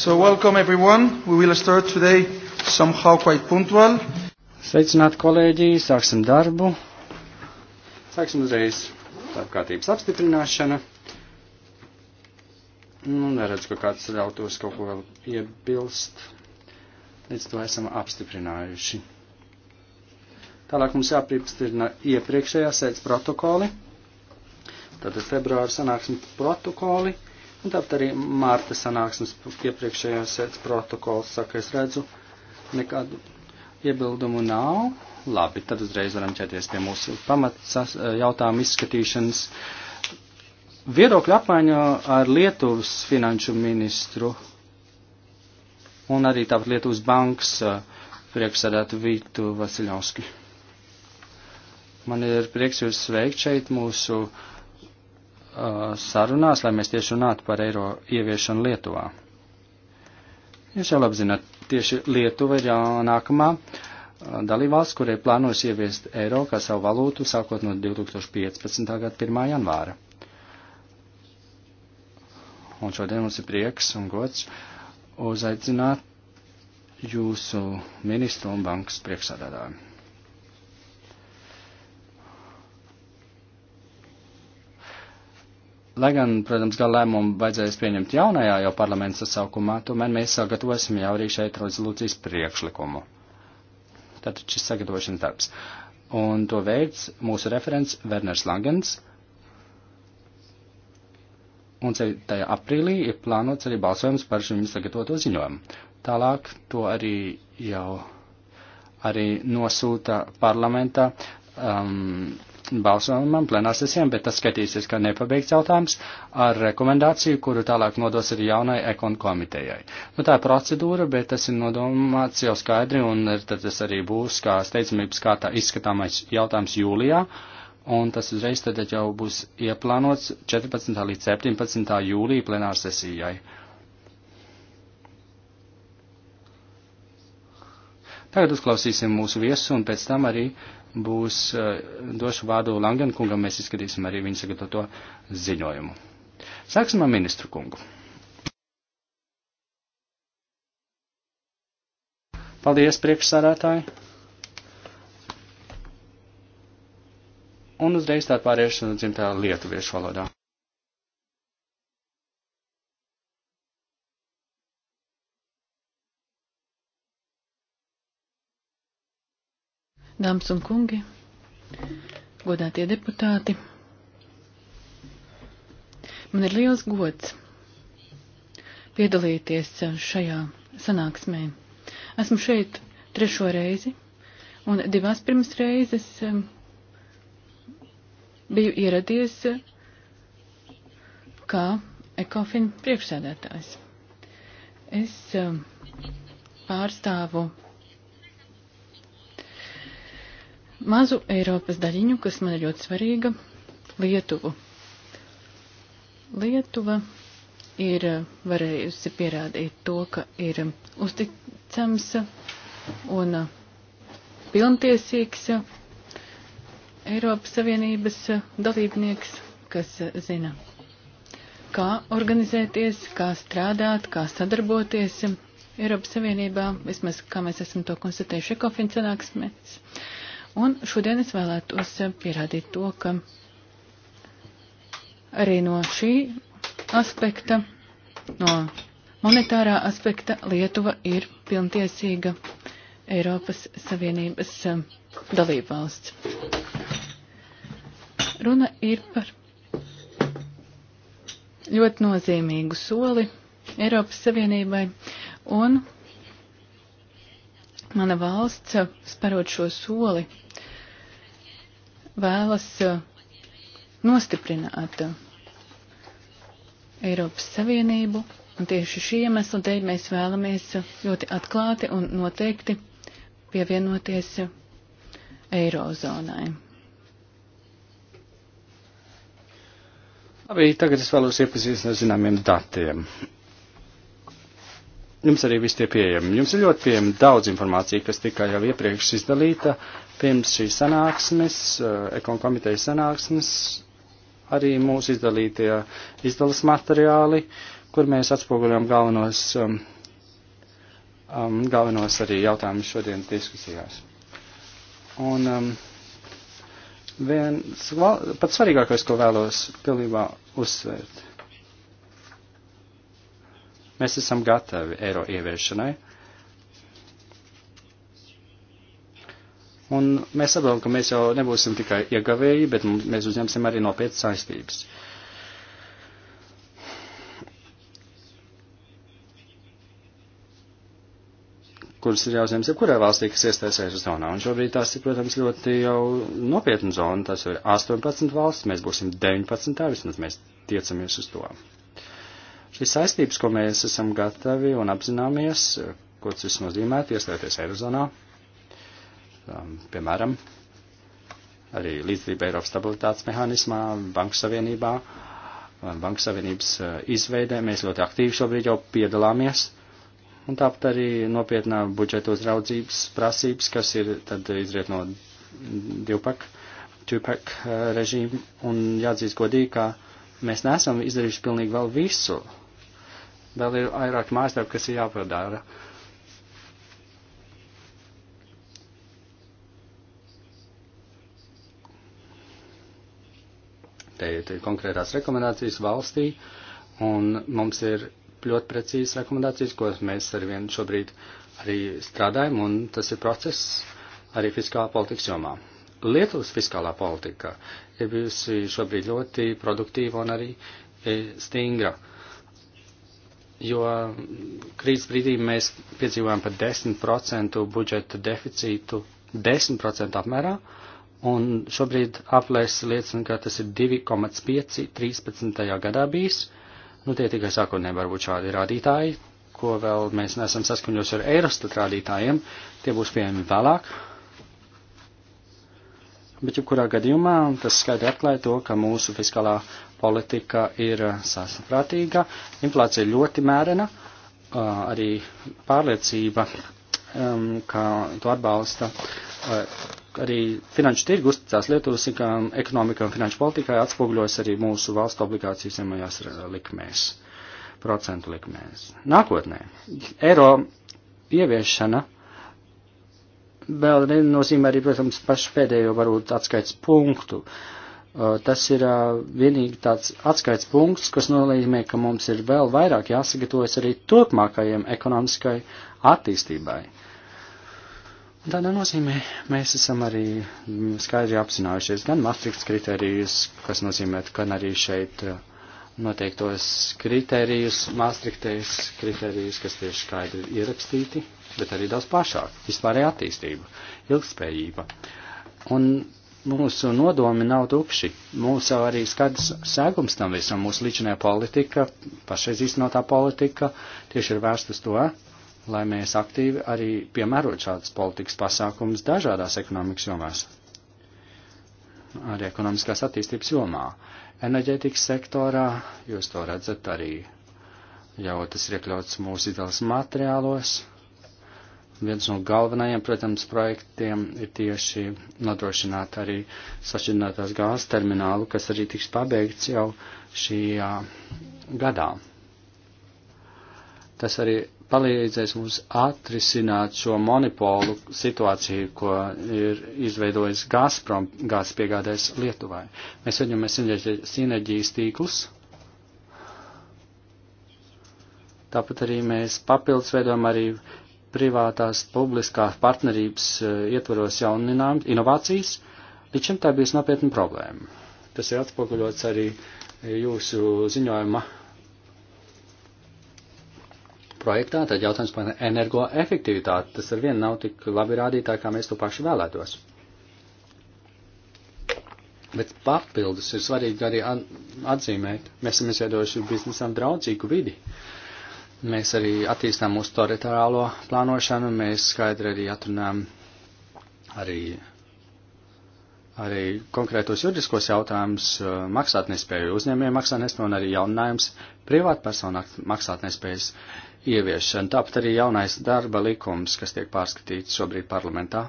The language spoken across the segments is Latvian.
So welcome everyone. We will start today somehow quite punctual. Sveicināti kolēģi, sāksim darbu. Sāksim uzreiz darbkārtības apstiprināšana. Nu, neredz, ka kāds ļautos kaut ko vēl iebilst. Līdz to esam apstiprinājuši. Tālāk mums jāpieprastirna iepriekšējā sēdes protokoli. Tātad februāra sanāksmes protokoli. Un tāpat arī Mārta sanāksmes iepriekšējās sēdes protokols saka, es redzu, nekādu iebildumu nav. Labi, tad uzreiz varam ķerties pie mūsu pamats eh, jautājumu izskatīšanas. Viedokļu apmaiņa ar Lietuvas finanšu ministru un arī tāpat Lietuvas bankas eh, priekšsēdētu Vītu Vasiļovski. Man ir prieks jūs sveikt šeit mūsu uh, Uh, sarunās, lai mēs tieši runātu par eiro ieviešanu Lietuvā. Jūs jau labi zināt, tieši Lietuva ir uh, nākamā uh, dalībvalsts, kurai plānojas ieviest eiro kā savu valūtu sākot no 2015. gada 1. janvāra. Un šodien mums ir prieks un gods uzaicināt jūsu ministru un bankas priekšsādātāju. Lai gan, protams, gala lēmumu vajadzēs pieņemt jaunajā jau parlamenta sasaukumā, tomēr mēs sagatavosim jau arī šeit rezolūcijas priekšlikumu. Tātad šis sagatavošanas darbs. Un to veids mūsu referents Werners Langens. Un 7. aprīlī ir plānots arī balsojums par šim sagatavoto ziņojumu. Tālāk to arī jau arī nosūta parlamenta um, balsojumam plenārsesijām, bet tas skatīsies, ka nepabeigts jautājums ar rekomendāciju, kuru tālāk nodos arī jaunai ekon komitejai. Nu, tā ir procedūra, bet tas ir nodomāts jau skaidri, un tad tas arī būs, kā steidzamības kārtā izskatāmais jautājums jūlijā, un tas uzreiz tad jau būs ieplānots 14. līdz 17. jūlija plenārsesijai. Tagad uzklausīsim mūsu viesu un pēc tam arī uh, būs, eh, došu vārdu Langen kungam, mēs izskatīsim arī viņa sagatavoto ziņojumu. Sāksim ar ministru kungu. Paldies, priekšsādātāji! Un uzreiz tā pāriešu dzimtā lietuviešu valodā. Dāmas un kungi, godātie deputāti, man ir liels gods piedalīties šajā sanāksmē. Esmu šeit trešo reizi, un divās pirms reizes um, biju ieradies kā ekofin priekšsēdētājs. Es um, pārstāvu mazu Eiropas daļiņu, kas man ir ļoti svarīga - Lietuvu. Lietuva ir eh, varējusi pierādīt to, ka ir eh, uzticams un eh, pilntiesīgs Eiropas Savienības dalībnieks, kas zina, kā organizēties, kā strādāt, kā sadarboties Eiropas Savienībā, vismaz kā mēs esam to konstatējuši ekofinansanāksmēs. Un šodien es vēlētos pierādīt to, ka arī no šī aspekta, no monetārā aspekta Lietuva ir pilntiesīga Eiropas Savienības eh, dalībvalsts. Runa ir par ļoti nozīmīgu soli Eiropas Savienībai un Mana valsts, eh, sparot šo soli, vēlas eh, nostiprināt eh, Eiropas Savienību, un tieši šī iemesla dēļ mēs vēlamies ļoti atklāti un noteikti pievienoties Eirozonai. Labi, tagad es vēlos iepazīstināt ar zināmiem datiem jums arī viss tie pieejami. Jums ir ļoti pieejama daudz informācija, kas tika jau iepriekš izdalīta pirms šīs sanāksmes, eh, ekon komitejas sanāksmes, arī mūsu izdalītie izdalas materiāli, kur mēs atspoguļojam galvenos, um, um, galvenos arī jautājumus šodienas diskusijās. Un um, viens pats svarīgākais, ko vēlos pilnībā uzsvērt Mēs esam gatavi eiro ieviešanai. Un mēs saprotam, ka mēs jau nebūsim tikai iegavēji, bet mēs uzņemsim arī nopietnas saistības. kuras ir jāuzņemas jebkurai valstī, kas iestāsies zonā. Un šobrīd tās ir, protams, ļoti jau nopietna zona. Tas ir 18 valsts, mēs būsim 19, vismaz mēs tiecamies uz to. Šīs saistības, ko mēs esam gatavi un apzināmies, ko tas viss nozīmē, iestāties Eirozonā, um, piemēram, arī līdzdalība Eiropas stabilitātes mehānismā, Banku Savienībā, um, Banku Savienības uh, izveidē, mēs ļoti aktīvi šobrīd jau piedalāmies, un tāpat arī nopietnā budžeta uzraudzības prasības, kas ir tad izriet no divpak, tūpak uh, režīmu, un jāatzīst godīgi, ka mēs neesam izdarījuši pilnīgi vēl visu, Vēl ir vairāk mājasdarbi, kas ir jāpadara. Te ir konkrētās rekomendācijas valstī, un mums ir ļoti precīzas rekomendācijas, ko mēs ar vienu šobrīd arī strādājam, un tas ir process arī fiskālā politikas jomā. Lietuvas fiskālā politika ir bijusi šobrīd ļoti produktīva un arī e, stingra. Uh, jo krīzes brīdī mēs piedzīvojam pat 10% budžeta deficītu, 10% apmērā, un šobrīd aplēses liecina, ka tas ir 2,5 13. gadā bijis. Nu, tie tikai sākotnēji varbūt šādi rādītāji, ko vēl mēs nesam saskaņojuši ar Eirostat rādītājiem, tie būs pieejami vēlāk. Bet, ja kurā gadījumā, tas skaidri atklāja to, ka mūsu fiskālā politika ir uh, sasaprātīga, inflācija ļoti mērena, uh, arī pārliecība, um, ka to atbalsta uh, arī finanšu tirgu uzticās Lietuvas um, ekonomika un finanšu politikai atspoguļojas arī mūsu valstu obligācijas zemajās likmēs, procentu likmēs. Nākotnē, eiro ieviešana vēl nozīmē arī, protams, pašu pēdējo varbūt atskaits punktu. Uh, Uh, tas ir uh, vienīgi tāds atskaits punkts, kas nolīmē, ka mums ir vēl vairāk jāsagatavojas arī turpmākajiem ekonomiskai attīstībai. Tādā nozīmē mēs esam arī mm, skaidri apzinājušies gan Maastrichts kritērijus, kas nozīmē, ka arī šeit uh, noteiktos kritērijus, Maastrichtes kritērijus, kas tieši skaidri ierakstīti, bet arī daudz plašāk - vispārēja attīstība, ilgspējība. Un mūsu nodomi nav tukši. Mūsu arī skatās sēgums tam visam, mūsu līdzinājā politika, pašreiz iznotā politika tieši ir vērsta uz to, lai mēs aktīvi arī piemērot šādas politikas pasākumus dažādās ekonomikas jomās. Arī ekonomiskās attīstības jomā. Enerģētikas sektorā, jūs to redzat arī, jau tas ir iekļauts mūsu ideālas materiālos, Viens no galvenajiem, protams, projektiem ir tieši nodrošināt arī sašķidrinātās gāzes terminālu, kas arī tiks pabeigts jau šajā gadā. Tas arī palīdzēs mums atrisināt šo monopolu situāciju, ko ir izveidojis Gazprom gāzes piegādājs Lietuvai. Mēs veidojam sinerģijas tīklus. Tāpat arī mēs papildus veidojam arī uh, privātās publiskās partnerības eh, ietvaros jauninām inovācijas, līdz šim tā bijusi nopietna problēma. Tas ir atspoguļots arī eh, jūsu ziņojuma projektā, tad jautājums par energoefektivitāti. Tas ar vienu nav tik labi rādītāji, kā mēs to paši vēlētos. Bet papildus ir svarīgi arī atzīmēt, mēs esam izveidojuši biznesam draudzīgu vidi. Uh, Mēs arī attīstām mūsu teritoriālo plānošanu, mēs skaidri arī atrunām arī, arī konkrētos juridiskos jautājumus eh, maksātnespēju uzņēmēju maksātnespēju un arī jauninājums privātpersonu maksātnespējas ieviešana. Tāpat arī jaunais darba likums, kas tiek pārskatīts šobrīd parlamentā.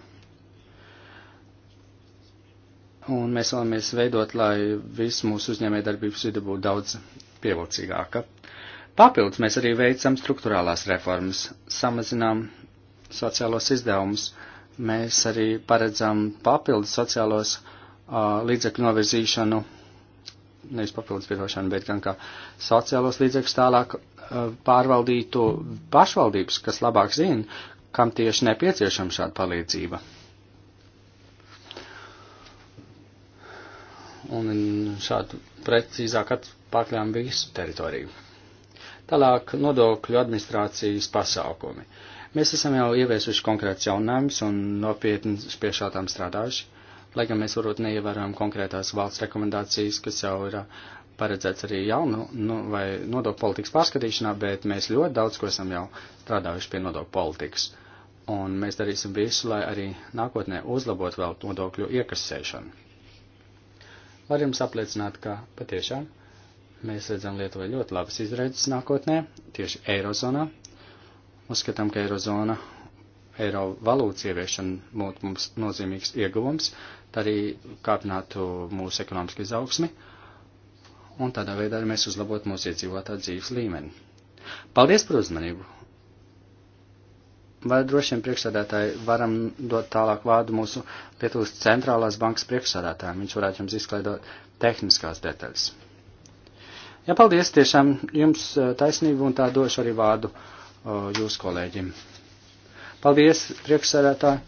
Un mēs vēlamies veidot, lai viss mūsu uzņēmējdarbības vide būtu daudz pievilcīgāka. Papildus mēs arī veicam struktūrālās reformas, samazinām sociālos izdevumus, mēs arī paredzam papildus sociālos uh, līdzekļu novirzīšanu, nevis papildus pietošanu, bet gan kā sociālos līdzekļus tālāk uh, pārvaldītu pašvaldības, kas labāk zina, kam tieši nepieciešama šāda palīdzība. Un šādu precīzāk atpakaļām visu teritoriju. Tālāk nodokļu administrācijas pasākumi. Mēs esam jau ieviesuši konkrēts jaunājums un nopietni pie šādām strādājuši, lai gan mēs varbūt neievērojam konkrētās valsts rekomendācijas, kas jau ir uh, paredzēts arī jaunu nu, vai nodokļu politikas pārskatīšanā, bet mēs ļoti daudz ko esam jau strādājuši pie nodokļu politikas. Un mēs darīsim visu, lai arī nākotnē uzlabot vēl nodokļu iekasēšanu. Var jums apliecināt, ka patiešām Mēs redzam Lietuvai ļoti labas izredzes nākotnē, tieši Eirozonā. Uzskatām, ka Eirozona, eiro valūtas ieviešana būtu mums nozīmīgs ieguvums, tā arī kāpinātu mūsu ekonomiski izaugsmi, un tādā veidā arī mēs uzlabotu mūsu iedzīvotā dzīves līmeni. Paldies par uzmanību! Vai droši vien priekšsādātāji varam dot tālāk vārdu mūsu Lietuvas centrālās bankas priekšsādātājiem? Viņš varētu jums izklaidot tehniskās detaļas. Jā, paldies tiešām jums taisnību un tā došu arī vārdu jūsu kolēģim. Paldies, priekšsēdētāji.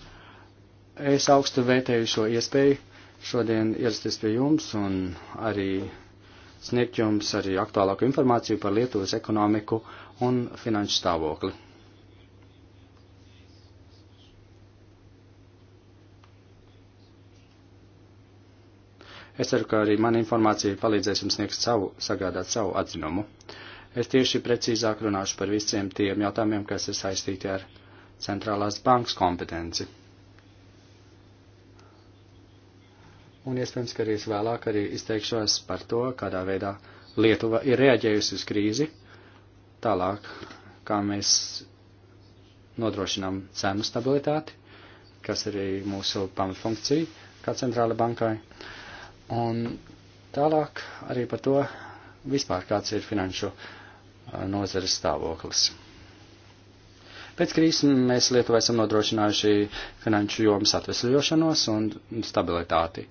Es augstu vērtēju šo iespēju šodien ierasties pie jums un arī sniegt jums arī aktuālāku informāciju par Lietuvas ekonomiku un finanšu stāvokli. Es ceru, ka arī mana informācija palīdzēs jums sniegt savu, sagādāt savu atzinumu. Es tieši precīzāk runāšu par visiem tiem jautājumiem, kas ir saistīti ar centrālās bankas kompetenci. Un iespējams, ka arī es vēlāk arī izteikšos par to, kādā veidā Lietuva ir reaģējusi uz krīzi, tālāk, kā mēs nodrošinām cenu stabilitāti, kas arī mūsu pamatfunkcija kā centrāla bankai. Uh, Un tālāk arī par to vispār kāds ir finanšu uh, nozares stāvoklis. Pēc krīzes mēs Lietuvā esam nodrošinājuši finanšu jomas atvesļošanos un stabilitāti.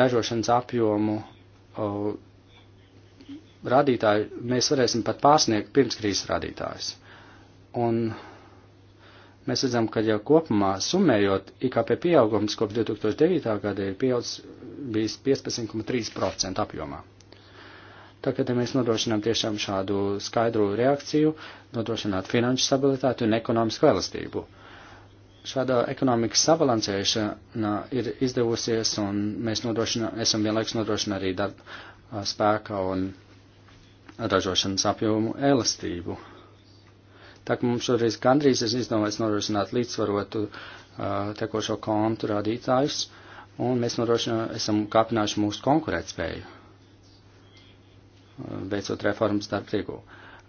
Ražošanas apjomu o, uh, rādītāju mēs varēsim pat pārsniegt pirms krīzes rādītājus. Un mēs redzam, ka jau kopumā summējot IKP pieaugums kopš 2009. gada ir pieaudzis bijis 15,3% apjomā. Tā kā ja mēs nodrošinām tiešām šādu skaidru reakciju, nodrošināt finanšu stabilitāti un ekonomisku elastību. Šāda ekonomikas sabalansēšana ir izdevusies un mēs esam vienlaiks nodrošina arī darba spēka un ražošanas apjomu elastību. Tā ka mums šoreiz gandrīz es izdomāju norošināt līdzsvarotu uh, tekošo kontu rādītājus, un mēs esam kāpinājuši mūsu konkurētspēju, uh, veicot reformas darba tirgū.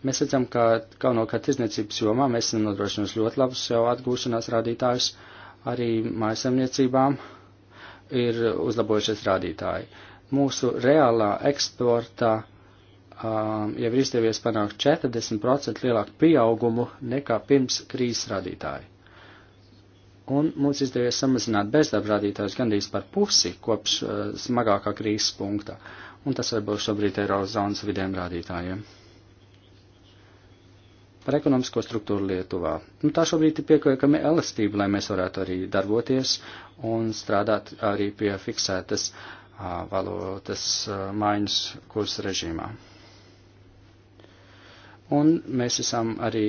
Mēs redzam, ka galvenokārt izniecības jomā mēs esam nodrošinājuši ļoti labus jau atgūšanās rādītājus, arī mājasemniecībām ir uzlabojušies rādītāji. Mūsu reālā eksporta um, jau ir izdevies panākt 40% lielāku pieaugumu nekā pirms krīzes rādītāji. Un mums izdevies samazināt bezdarba rādītājus gandrīz par pusi kopš uh, smagākā krīzes punkta. Un tas varbūt šobrīd ir Eirozonas vidiem rādītājiem. Par ekonomisko struktūru Lietuvā. Nu, tā šobrīd ir pietiekami elastība, lai mēs varētu arī darboties un strādāt arī pie fiksētas uh, valotas uh, maiņas kursa režīmā. Un mēs esam arī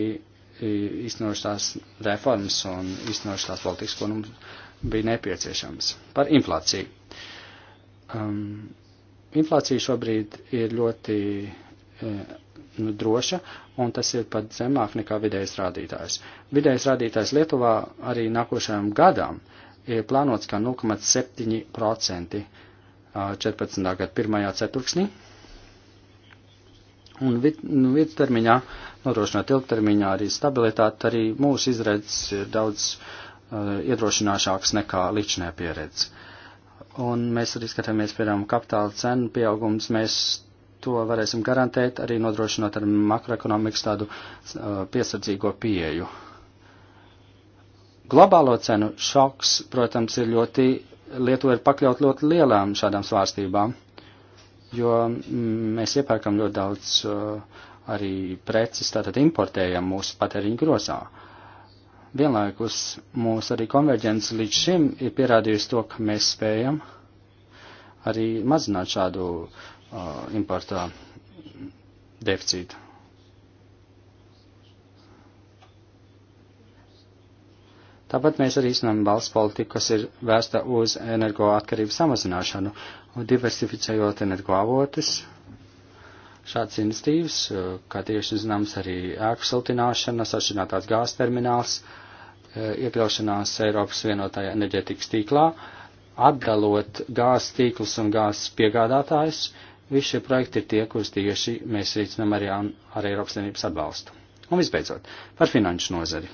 īstenojuši tās reformas un īstenojuši tās politikas, ko mums bija nepieciešams. Par inflāciju. Um, inflācija šobrīd ir ļoti e, nu, droša, un tas ir pat zemāk nekā vidējais rādītājs. Vidējais rādītājs Lietuvā arī nākošajam gadam ir plānots kā 0,7% 14. gada pirmajā ceturksnī un vid, nu, vidtermiņā nodrošinot ilgtermiņā arī stabilitāti, arī mūsu izredzes ir daudz uh, eh, iedrošināšāks nekā līdšanē pieredze. Un mēs arī skatāmies, piemēram, kapitāla cenu pieaugums, mēs to varēsim garantēt, arī nodrošinot ar makroekonomikas tādu uh, piesardzīgo pieeju. Globālo cenu šoks, protams, ir ļoti, Lietuva ir pakļaut ļoti lielām šādām svārstībām jo mm, mēs iepērkam ļoti daudz uh, arī preces, tātad importējam mūsu patēriņu grozā. Vienlaikus mūsu arī konverģence līdz šim ir pierādījusi to, ka mēs spējam arī mazināt šādu uh, importā deficītu. Tāpat mēs arī iznam valsts politiku, kas ir vērsta uz energoatkarību samazināšanu, un diversificējot energoavotus. Šāds inicitīvs, eh, kā tieši zināms, arī ēku siltināšana, sašķinātās gāzes termināls, eh, iekļaušanās Eiropas vienotājā enerģētikas tīklā, atdalot gāzes tīklus un gāzes piegādātājus, visi šie projekti ir tie, kurus tieši mēs rīcinam arī ar Eiropas Savienības atbalstu. Un visbeidzot, par finanšu nozari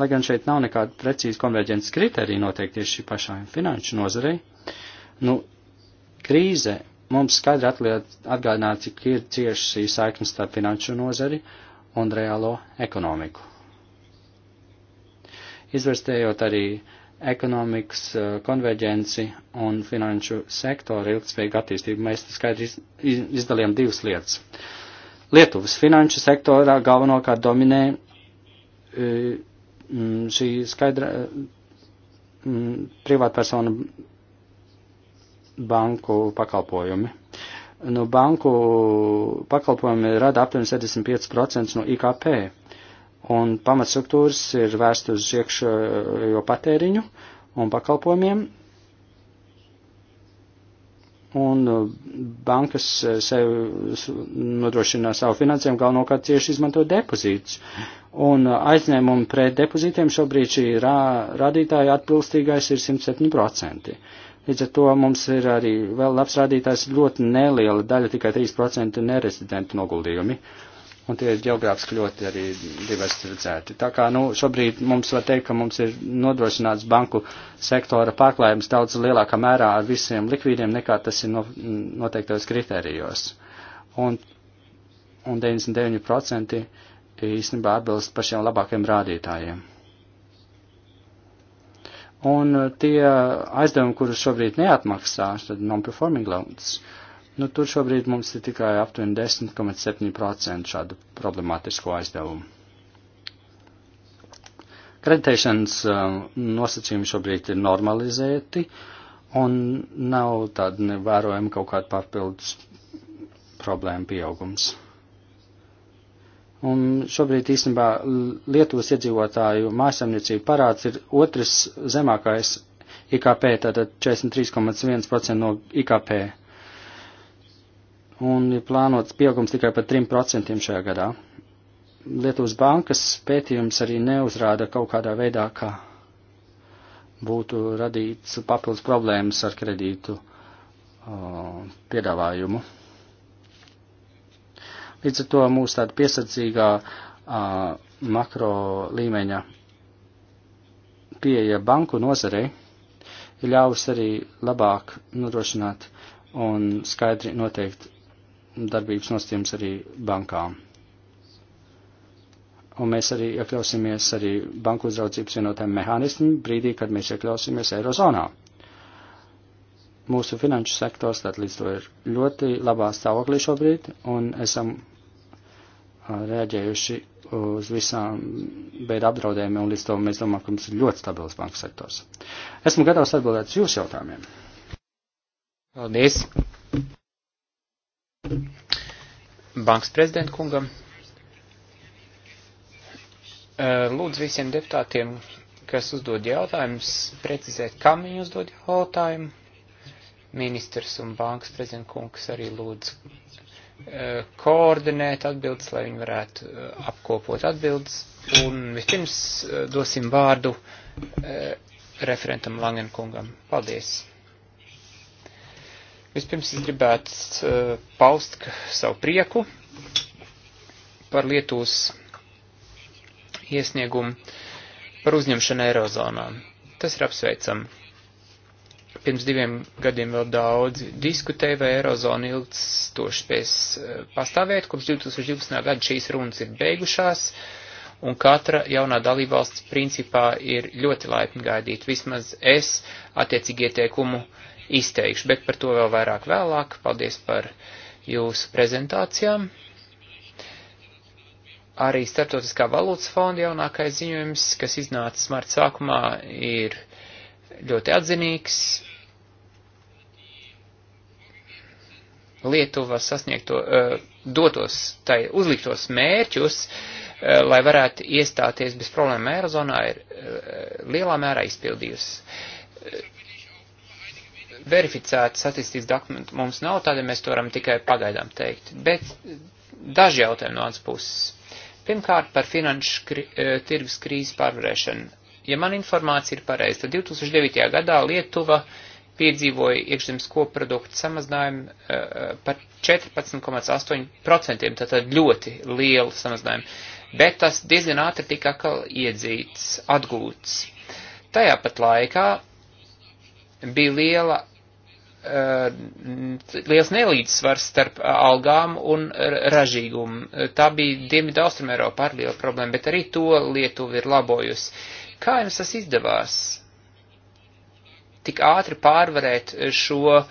lai gan šeit nav nekāda precīza konverģences kriterija noteikti tieši pašai finanšu nozarei, nu, krīze mums skaidri atgādināja, cik ir cieši šī saikne starp finanšu nozari un reālo ekonomiku. Izvērstējot arī ekonomikas eh, konverģenci un finanšu sektoru ilgspējīgu attīstību, mēs skaidri izdalījām divas lietas. Lietuvas finanšu sektorā galvenokārt dominē eh, Mm, šī skaidra mm, privātpersonu banku pakalpojumi. Nu, banku pakalpojumi rada aptuveni 75% no IKP, un pamatstruktūras ir vērst uz iekšējo patēriņu un pakalpojumiem, un uh, bankas uh, sev nodrošina savu finansējumu galvenokārt tieši izmanto depozītus. Un uh, aizņēmumi pret depozītiem šobrīd šī rā, rādītāja atbilstīgais ir 107%. Līdz ar to mums ir arī vēl labs rādītājs ļoti neliela daļa, tikai 3% nerezidentu noguldījumi. Uh, un tie ir ģeogrāfiski ļoti arī diversificēti. Tā kā, nu, šobrīd mums var teikt, ka mums ir nodrošināts banku sektora pārklājums daudz lielākā mērā ar visiem likvīdiem, nekā tas ir no, noteiktos kritērijos. Un, un 99% īstenībā atbilst pašiem labākiem rādītājiem. Un tie aizdevumi, kurus šobrīd neatmaksā, tad non-performing loans, uh, Nu, tur šobrīd mums ir tikai aptuveni 10,7% šādu problemātisko aizdevumu. Kreditēšanas um, nosacījumi šobrīd ir normalizēti un nav tāda nevērojama kaut kāda papildus problēma pieaugums. Un šobrīd īstenībā Lietuvas iedzīvotāju mājasemniecību parāds ir otrs zemākais IKP, tātad 43,1% no IKP un ir plānots pieaugums tikai par 3% šajā gadā. Lietuvas bankas pētījums arī neuzrāda kaut kādā veidā, ka būtu radīts papildus problēmas ar kredītu uh, piedāvājumu. Līdz ar to mūsu tāda piesardzīgā uh, makro līmeņa pieeja banku nozarei ir ļāvusi arī labāk nodrošināt un skaidri noteikt darbības nosacījums arī bankām. Un mēs arī iekļausimies arī banku uzraudzības vienotajam mehānismam brīdī, kad mēs iekļausimies Eirozonā. Mūsu finanšu sektors tad līdz to ir ļoti labā stāvoklī šobrīd, un esam reaģējuši uz visām beidu apdraudējumiem, un līdz to mēs domājam, ka mums ir ļoti stabils banku sektors. Esmu gatavs atbildēt uz jūsu jautājumiem. Paldies! Bankas prezidenta kungam. Lūdzu visiem deputātiem, kas uzdod jautājumus, precizēt, kam viņi uzdod jautājumu. Ministrs un bankas prezidenta kungs arī lūdz koordinēt atbildes, lai viņi varētu apkopot atbildes. Un vispirms dosim vārdu referentam Langenkungam. Paldies! Vispirms es gribētu uh, paust savu prieku par Lietuvas iesniegumu par uzņemšanu Eirozonā. Tas ir apsveicam. Pirms diviem gadiem vēl daudz diskutēja, vai Eirozona ilgstoši spēs eh, pastāvēt. Kopš 2012. gada šīs runas ir beigušās, un katra jaunā dalībvalsts principā ir ļoti laipni gaidīt. Vismaz es attiecīgi ieteikumu uh, izteikšu, bet par to vēl vairāk vēlāk. Paldies par jūsu prezentācijām. Arī Startautiskā valūtas fonda jaunākais ziņojums, kas iznāca marta sākumā, ir ļoti atzinīgs. Lietuva sasniegto, eh, dotos tai uzliktos mērķus, eh, lai varētu iestāties bez problēma Eirozonā, ir eh, lielā mērā izpildījusi verificētu statistikas dokumentu mums nav, tādēļ mēs to varam tikai pagaidām teikt. Bet eh, daži jautājumi no otras puses. Pirmkārt, par finanšu kri, eh, tirgus krīzes pārvarēšanu. Ja man informācija ir pareiza, tad 2009. gadā Lietuva piedzīvoja iekšzemes koprodukta samazinājumu uh, par 14,8%, tātad ļoti lielu samazinājumu, bet tas diezgan ātri tika atkal iedzīts, atgūts. Tajā pat laikā bija liela Eh, liels nelīdzsvars starp eh, algām un eh, ražīgumu. Tā bija Dienvidu Austrum Eiropā ar lielu problēmu, bet arī to Lietuva ir labojusi. Kā jums tas izdevās? Tik ātri pārvarēt šo uh,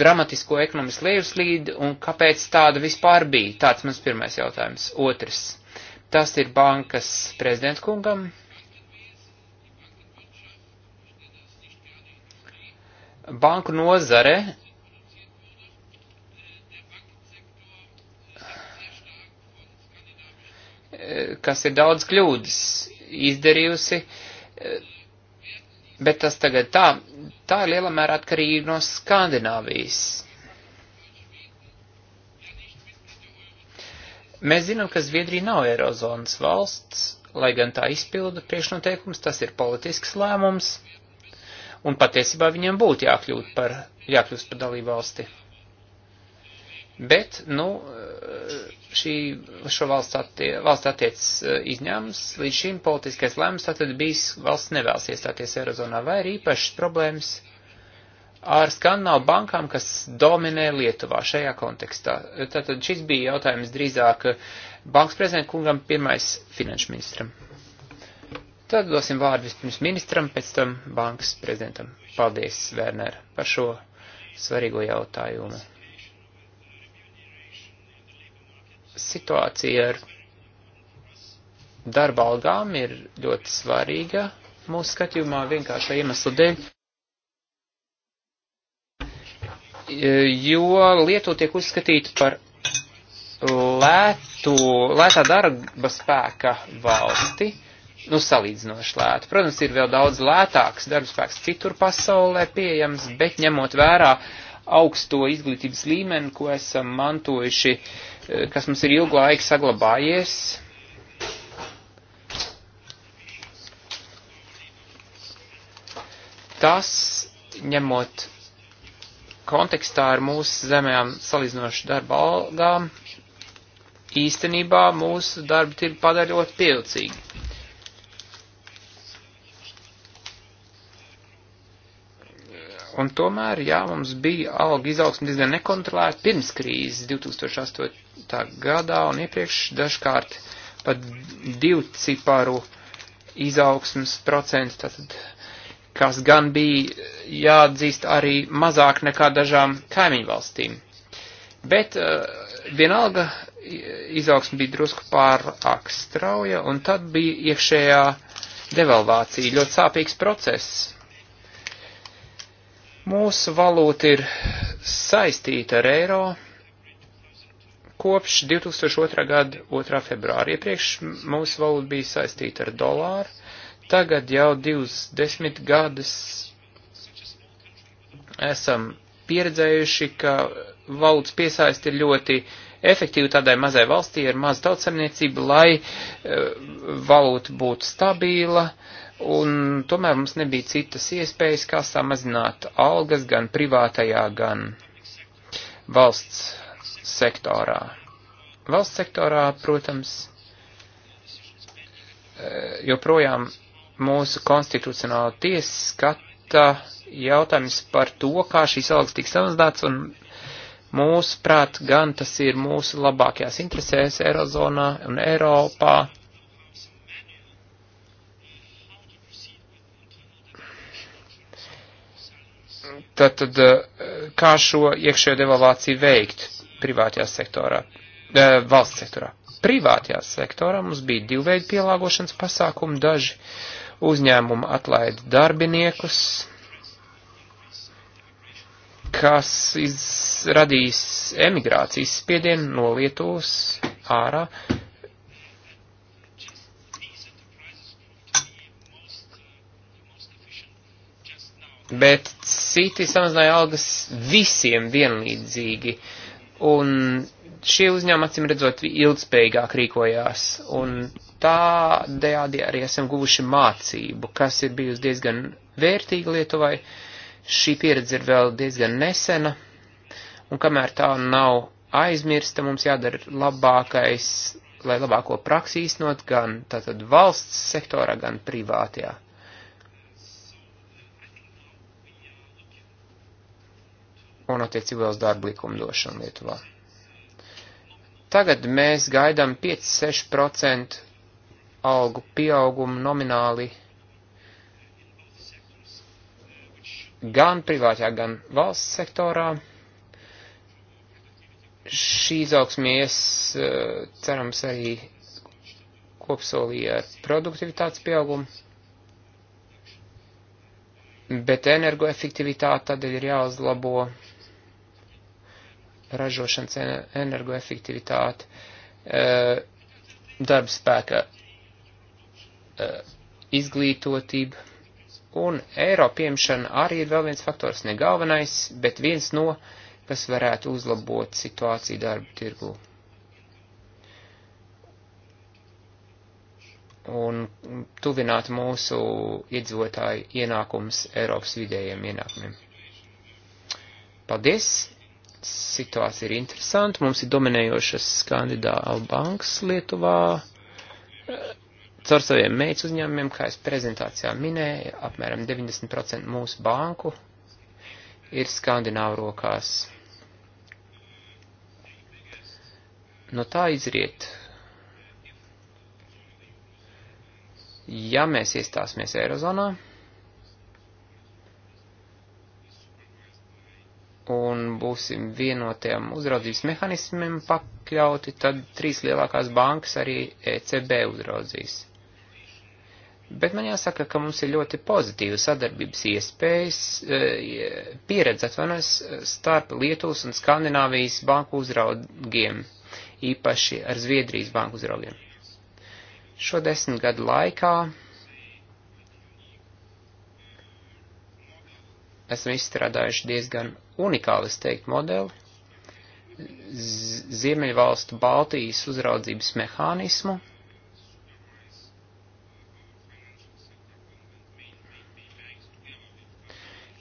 dramatisko ekonomisku lejuslīdi un kāpēc tāda vispār bija? Tāds mans pirmais jautājums. Otrs. Tas ir bankas prezidents kungam. banku nozare kas ir daudz kļūdas izdarījusi, bet tas tagad tā, tā ir lielā mērā atkarīgi no Skandināvijas. Mēs zinām, ka Zviedrija nav Eirozonas valsts, lai gan tā izpilda priekšnoteikums, tas ir politisks lēmums un patiesībā viņiem būtu jākļūt par, jākļūst par dalību valsti. Bet, nu, šī, šo valsts, attie, valsts attiecas izņēmums, līdz šim politiskais lēmums tātad bijis valsts nevēlas iestāties Eirozonā, vai ir īpašas problēmas ar skandināvu bankām, kas dominē Lietuvā šajā kontekstā. Tātad šis bija jautājums drīzāk bankas prezidentam kungam, pirmais finanšu ministram. Tad dosim vārdu vispirms ministram, pēc tam bankas prezidentam. Paldies, Werner, par šo svarīgo jautājumu. Situācija ar darba algām ir ļoti svarīga mūsu skatījumā vienkārša iemesla dēļ, jo Lietu tiek uzskatīta par lētu, lētā darba spēka valsti. Uh, nu, salīdzinoši lēta. Protams, ir vēl daudz lētāks darbspēks citur pasaulē pieejams, bet ņemot vērā augsto izglītības līmeni, ko esam mantojuši, eh, kas mums ir ilgu laiku saglabājies. Tas, ņemot kontekstā ar mūsu zemējām salīdzinoši darba algām, īstenībā mūsu darba ir padara ļoti pievilcīgi Un tomēr, jā, mums bija alga izaugsme diezgan nekontrolēta pirms krīzes 2008. gadā un iepriekš dažkārt pat divu ciparu izaugsmas procentu, tātad, kas gan bija jāatzīst arī mazāk nekā dažām kaimiņu valstīm. Bet uh, vienalga izaugsme bija drusku pārāk strauja un tad bija iekšējā devalvācija, ļoti sāpīgs process Mūsu valūta ir saistīta ar eiro kopš 2002. gada 2. februāra. Iepriekš mūsu valūta bija saistīta ar dolāru, tagad jau divas desmit gadus esam pieredzējuši, ka valūtas piesaisti ir ļoti efektīvi tādai mazai valstī ar mazu tautsemniecību, lai eh, valūta būtu stabila, uh, un tomēr mums nebija citas iespējas, kā samazināt algas gan privātajā, gan valsts sektorā. Valsts sektorā, protams, eh, joprojām mūsu konstitucionāla tiesa skata jautājums par to, kā šīs algas tiks samazināts, un mūsu prāt gan tas ir mūsu labākajās interesēs Eirozonā un Eiropā Tātad, eh, kā šo iekšējo devalvāciju veikt privātajā sektorā, eh, valsts sektorā? Privātajā sektorā mums bija divi veidi pielāgošanas pasākumi, daži uzņēmumi atlaida darbiniekus, kas radīs emigrācijas spiedienu no Lietuvas ārā, bet citi samazināja algas visiem vienlīdzīgi. Un šie uzņēmumi, acīm redzot, ilgspējīgāk rīkojās. Un tādējādi arī esam guvuši mācību, kas ir bijusi diezgan vērtīga Lietuvai. Šī pieredze ir vēl diezgan nesena, un kamēr tā nav aizmirsta, mums jādara labākais, lai labāko praksi īstenot gan tātad valsts sektorā, gan privātajā un attiecībā uz darba likumdošanu Lietuvā. Tagad mēs gaidām 5-6% algu pieaugumu nomināli gan privātajā, gan valsts sektorā. Šī izaugsmies, eh, cerams, arī kopsolīja ar produktivitātes pieaugumu, bet energoefektivitāte tad ir jāuzlabo ražošanas energoefektivitāti, e, darba spēka e, izglītotība un eiro piemšana arī ir vēl viens faktors, ne galvenais, bet viens no, kas varētu uzlabot situāciju darba tirgu. Un tuvināt mūsu iedzīvotāju ienākums Eiropas vidējiem ienākumiem. Paldies! situācija ir interesanta. Mums ir dominējošas skandināvu bankas Lietuvā. Caur saviem meitas uzņēmumiem, kā es prezentācijā minēju, apmēram 90% mūsu banku ir skandināvu rokās. No tā izriet, ja mēs iestāsimies Eirozonā, būsim vienotiem uzraudzības mehanismiem pakļauti, tad trīs lielākās bankas arī ECB uzraudzīs. Bet man jāsaka, ka mums ir ļoti pozitīva sadarbības iespējas, e, pieredze atvainojas starp Lietuvas un Skandināvijas banku uzraugiem, īpaši ar Zviedrijas banku uzraugiem. Šo desmit gadu laikā esam izstrādājuši diezgan unikāli, es teiktu, modeli, Ziemeļvalstu Baltijas uzraudzības mehānismu,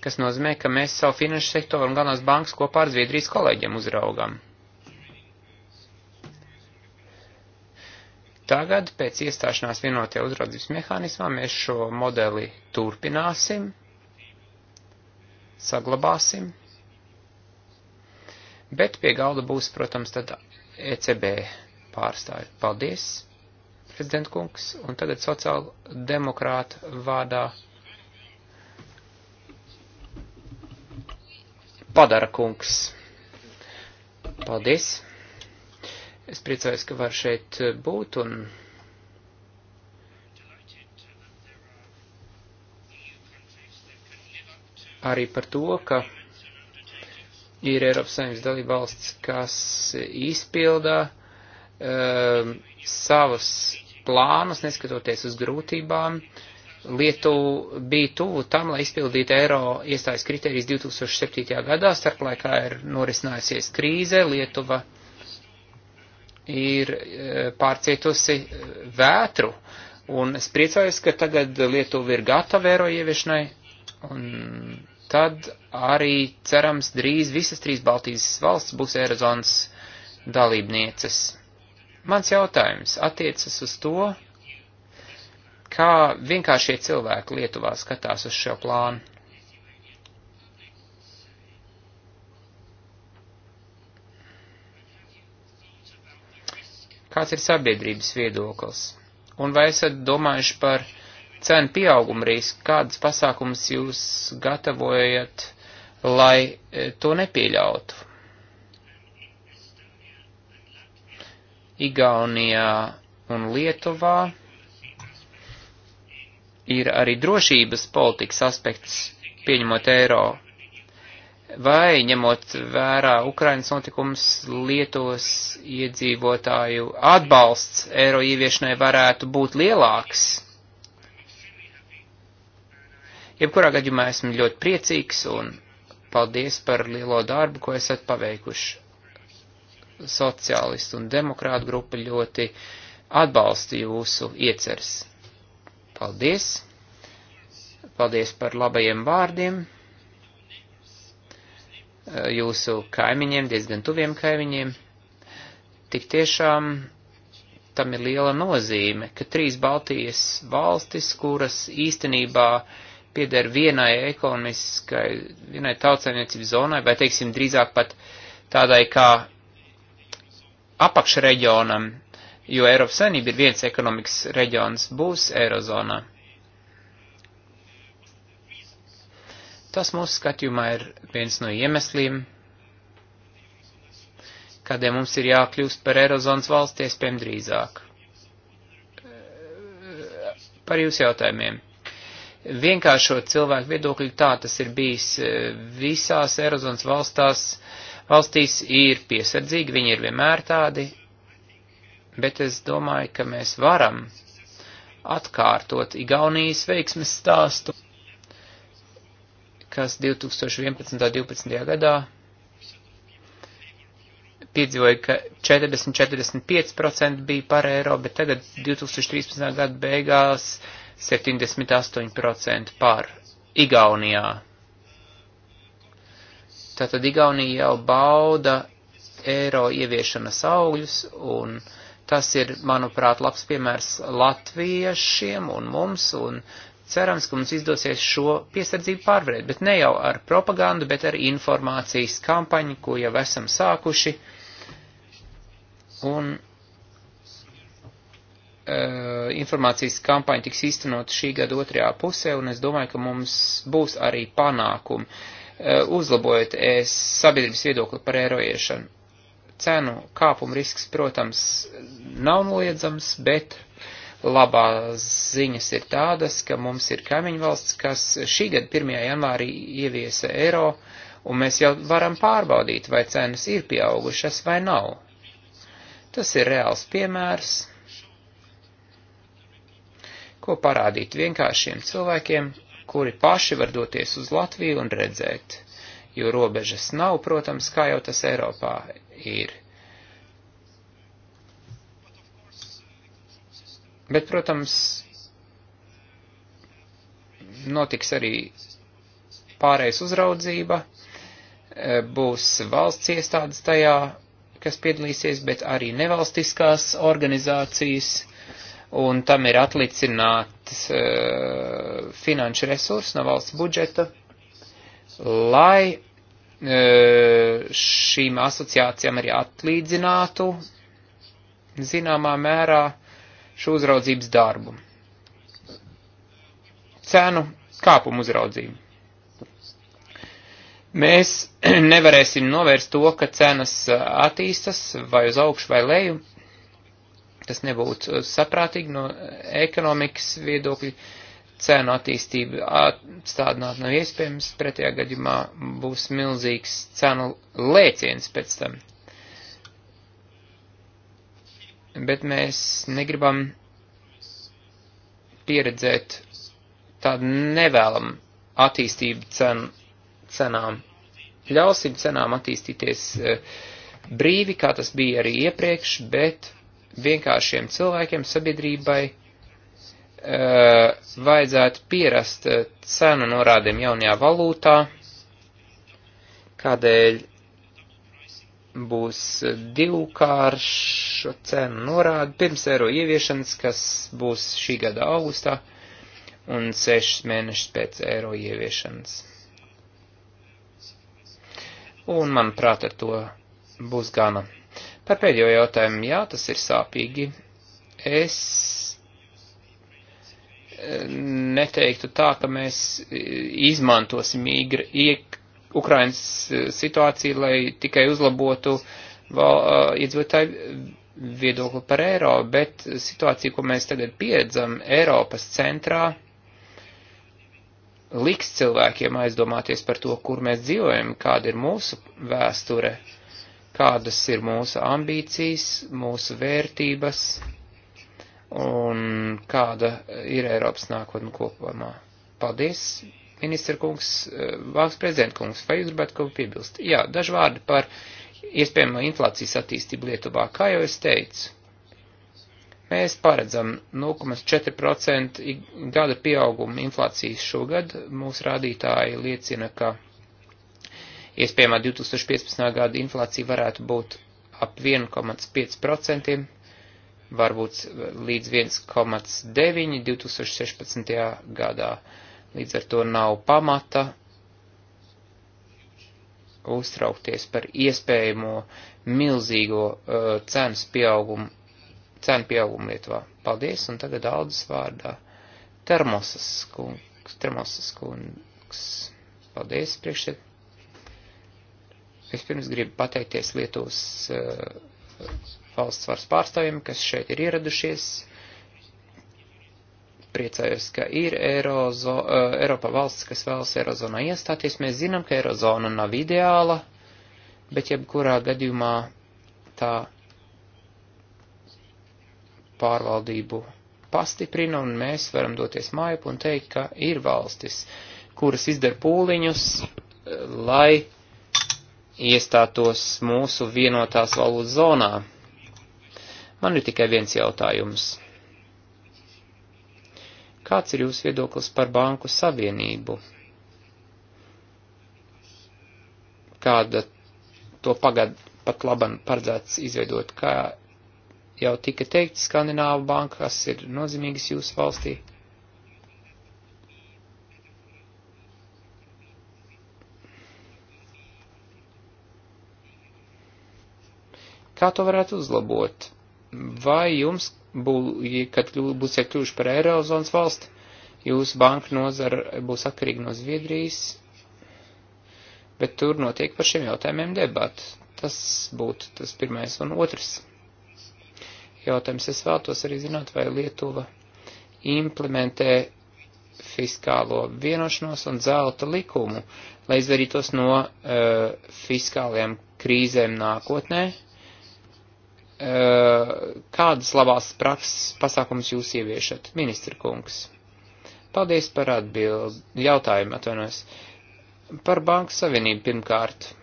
kas nozīmē, ka mēs savu finanšu sektoru un galvenās bankas kopā ar Zviedrijas kolēģiem uzraugam. Tagad, pēc iestāšanās vienotajā uzraudzības mehānismā, mēs šo modeli turpināsim, saglabāsim. Bet pie galda būs, protams, tad ECB pārstāvi. Paldies, prezident kungs, un tagad sociāla demokrāta vārdā padara kungs. Paldies. Es priecājos, ka var šeit būt un. Arī par to, ka ir Eiropas Savienības dalība valsts, kas izpildā um, ehm, savus plānus, neskatoties uz grūtībām. Lietu bija tuvu tam, lai izpildītu eiro iestājas kriterijas 2007. gadā, starplaikā ir norisinājusies krīze, Lietuva ir eh, pārcietusi eh, vētru, un es priecājos, ka tagad Lietuva ir gatava eiro ieviešanai, un tad arī cerams drīz visas trīs Baltijas valsts būs Eirozonas dalībnieces. Mans jautājums attiecas uz to, kā vienkāršie cilvēki Lietuvā skatās uz šo plānu. Kāds ir sabiedrības viedoklis? Un vai esat domājuši par cenu pieauguma risku, kādas pasākumas jūs gatavojat, lai e, to nepieļautu? Igaunijā un Lietuvā ir arī drošības politikas aspekts, pieņemot eiro. Vai, ņemot vērā Ukrainas notikums, Lietuvas iedzīvotāju atbalsts eiro ieviešanai varētu būt lielāks Jebkurā gadījumā esmu ļoti priecīgs un paldies par lielo darbu, ko esat paveikuši. Sociālistu un demokrātu grupa ļoti atbalsta jūsu ieceres. Paldies! Paldies par labajiem vārdiem jūsu kaimiņiem, diezgan tuviem kaimiņiem. Tik tiešām tam ir liela nozīme, ka trīs Baltijas valstis, kuras īstenībā uh, pieder vienai ekonomiskai, vienai tautsaimniecības zonai, vai teiksim drīzāk pat tādai kā apakšreģionam, jo Eiropas saimnība ir viens ekonomikas reģions, būs Eirozonā. Tas mūsu skatījumā ir viens no iemesliem, kādēļ mums ir jākļūst par Eirozonas valsti, iespējams, drīzāk. Par jūsu jautājumiem vienkāršo cilvēku viedokļu tā tas ir bijis e, visās Eirozonas valstās, valstīs ir piesardzīgi, viņi ir vienmēr tādi, bet es domāju, ka mēs varam atkārtot Igaunijas veiksmes stāstu, kas 2011. un 2012. gadā piedzīvoja, ka 40-45% bija par eiro, bet tagad 2013. gada beigās 78% par Igaunijā. Tātad Igaunija jau bauda eiro ieviešanas augļus, un tas ir, manuprāt, labs piemērs latviešiem un mums, un cerams, ka mums izdosies šo piesardzību pārvarēt, bet ne jau ar propagandu, bet ar informācijas kampaņu, ko jau esam sākuši. Un Eh, informācijas kampaņa tiks īstenot šī gada otrajā pusē, un es domāju, ka mums būs arī panākumi, eh, uzlabojot es eh, sabiedrības viedokli par eiroiešanu. Cenu kāpuma risks, protams, nav noliedzams, bet labās ziņas ir tādas, ka mums ir kaimiņvalsts, kas šī gada 1. janvārī ieviesa eiro, un mēs jau varam pārbaudīt, vai cenas ir pieaugušas vai nav. Tas ir reāls piemērs ko parādīt vienkāršiem cilvēkiem, kuri paši var doties uz Latviju un redzēt, jo robežas nav, protams, kā jau tas Eiropā ir. Bet, protams, notiks arī pārējais uzraudzība, e, būs valsts iestādes tajā, kas piedalīsies, bet arī nevalstiskās organizācijas, un tam ir atlicināts uh, finanšu resursi no valsts budžeta, lai uh, šīm asociācijām arī atlīdzinātu zināmā mērā šo uzraudzības darbu. Cenu kāpumu uzraudzību. Mēs nevarēsim novērst to, ka cenas e, attīstas vai uz augšu vai leju, Tas nebūtu uh, saprātīgi no uh, ekonomikas viedokļa. Cēnu attīstību atstādināt nav iespējams, pretējā gadījumā būs milzīgs cenu lēciens pēc tam. Bet mēs negribam pieredzēt tādu nevēlamu attīstību cen, cenām. Ļausim cenām attīstīties uh, brīvi, kā tas bija arī iepriekš, bet vienkāršiem cilvēkiem, sabiedrībai uh, vajadzētu pierast eh, cenu norādēm jaunajā valūtā, kādēļ būs divkārša cenu norāda pirms eiro ieviešanas, kas būs šī gada augustā un sešas mēnešas pēc eiro ieviešanas. Un, manuprāt, ar to būs gana. Par pēdējo jautājumu, jā, tas ir sāpīgi. Es e, neteiktu tā, ka mēs izmantosim igra, iek, Ukrainas e, situāciju, lai tikai uzlabotu val, e, iedzīvotāju viedokli par eiro, bet situācija, ko mēs tagad piedzam Eiropas centrā, liks cilvēkiem aizdomāties par to, kur mēs dzīvojam, kāda ir mūsu vēsture, kādas ir mūsu ambīcijas, mūsu vērtības un kāda ir Eiropas nākotne kopumā. Paldies, ministra kungs, valsts prezidenta kungs, vai jūs gribētu kaut ko piebilst? Jā, daži vārdi par iespējamo inflācijas attīstību Lietuvā. Kā jau es teicu, mēs paredzam 0,4% gada pieaugumu inflācijas šogad. Mūsu rādītāji liecina, ka Iespējamā 2015. gada inflācija varētu būt ap 1,5%, varbūt līdz 1,9% 2016. gadā. Līdz ar to nav pamata uztraukties par iespējamo milzīgo uh, cenas pieaugumu, cenu pieaugumu Lietuvā. Paldies, un tagad daudzas vārdā. Termosas kungs, termosas kungs. Paldies, priekšsēd. Vispirms gribu pateikties Lietuvas uh, valsts varas pārstāvjiem, kas šeit ir ieradušies. Priecājos, ka ir Eirozo, uh, Eiropa valsts, kas vēlas Eirozonā iestāties. Mēs zinām, ka Eirozona nav ideāla, bet jebkurā gadījumā tā pārvaldību pastiprina, un mēs varam doties mājup un teikt, ka ir valstis, kuras izdara pūliņus, eh, lai iestātos mūsu vienotās valūtas zonā. Man ir tikai viens jautājums. Kāds ir jūsu viedoklis par banku savienību? Kāda to pagad pat laban paredzēts izveidot, kā jau tika teikt, Skandināvu bankas ir nozīmīgas jūsu valstī? Kā to varētu uzlabot? Vai jums, bū, kad būsiet kļuvuši par Eirozonas valsti, jūsu banka nozara būs atkarīga no Zviedrijas, bet tur notiek par šiem jautājumiem debata. Tas būtu tas pirmais un otrs jautājums. Es vēlos arī zināt, vai Lietuva implementē fiskālo vienošanos un zelta likumu, lai izvairītos no uh, fiskālajām krīzēm nākotnē, Eh, kādas labās prakses pasākums jūs ieviešat, ministra kungs? Paldies par atbildi, jautājumu atvainojos. Par Banku Savienību pirmkārt.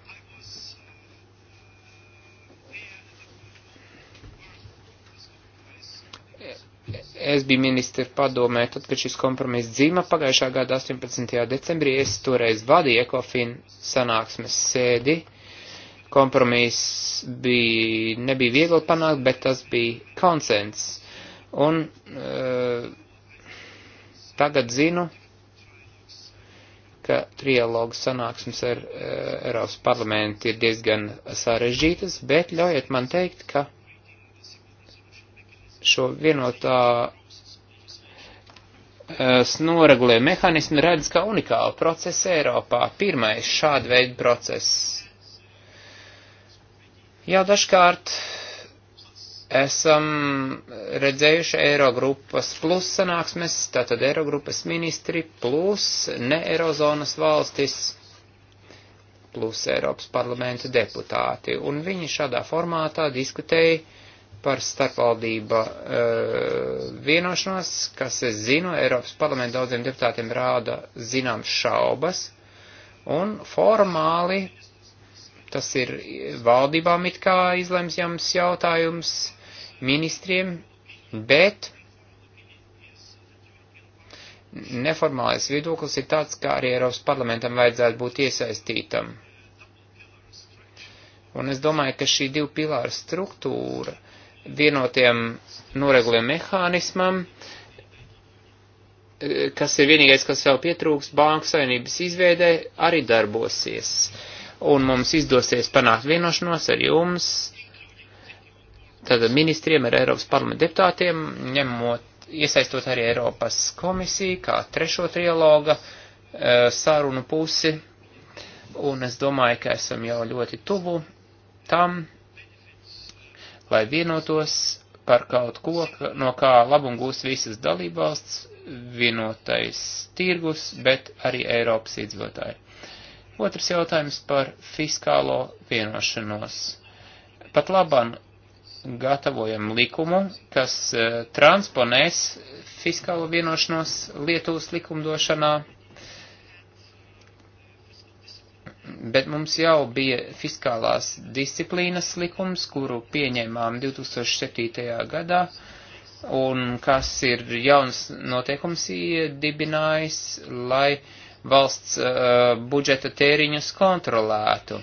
es biju ministra padomē, tad, kad šis kompromiss dzīva pagājušā gada 18. decembrī, es toreiz vadīju Ekofin sanāksmes sēdi, Kompromiss bija, nebija viegli panākt, bet tas bija konsens. Un uh, tagad zinu, ka trialogu sanāksmes ar uh, Eiropas parlamentu ir diezgan sarežģītas, bet ļaujiet man teikt, ka šo vienotā eh, noregulē mehānismi redz kā unikālu procesu Eiropā. Pirmais šāda veida process Jau dažkārt esam redzējuši Eirogrupas plus sanāksmes, tātad Eirogrupas ministri plus ne Eirozonas valstis plus Eiropas parlamenta deputāti. Un viņi šādā formātā diskutēja par starpvaldība uh, vienošanos, kas, es zinu, Eiropas parlamenta daudziem deputātiem rāda zināmas šaubas. Un formāli Tas ir valdībām it kā izlemjams jautājums ministriem, bet neformālais viedoklis ir tāds, ka arī Eiropas parlamentam vajadzētu būt iesaistītam. Un es domāju, ka šī divu pilāru struktūra vienotiem noregulējuma mehānismam, kas ir vienīgais, kas vēl pietrūks banku savienības izveidē, arī darbosies. Uh, un mums izdosies panākt vienošanos ar jums, tātad ministriem, ar Eiropas parlamenta deputātiem, ņemot, iesaistot arī Eiropas komisiju kā trešo trialoga e, sarunu pusi, un es domāju, ka esam jau ļoti tuvu tam, lai vienotos par kaut ko, no kā labumu gūs visas dalībvalsts, vienotais tirgus, bet arī Eiropas iedzīvotāji. Otrs jautājums par fiskālo vienošanos. Pat labam gatavojam likumu, kas uh, transponēs fiskālo vienošanos Lietuvas likumdošanā, bet mums jau bija fiskālās disciplīnas likums, kuru pieņēmām 2007. gadā, un kas ir jauns noteikums iedibinājis, lai uh, valsts uh, budžeta tēriņus kontrolētu.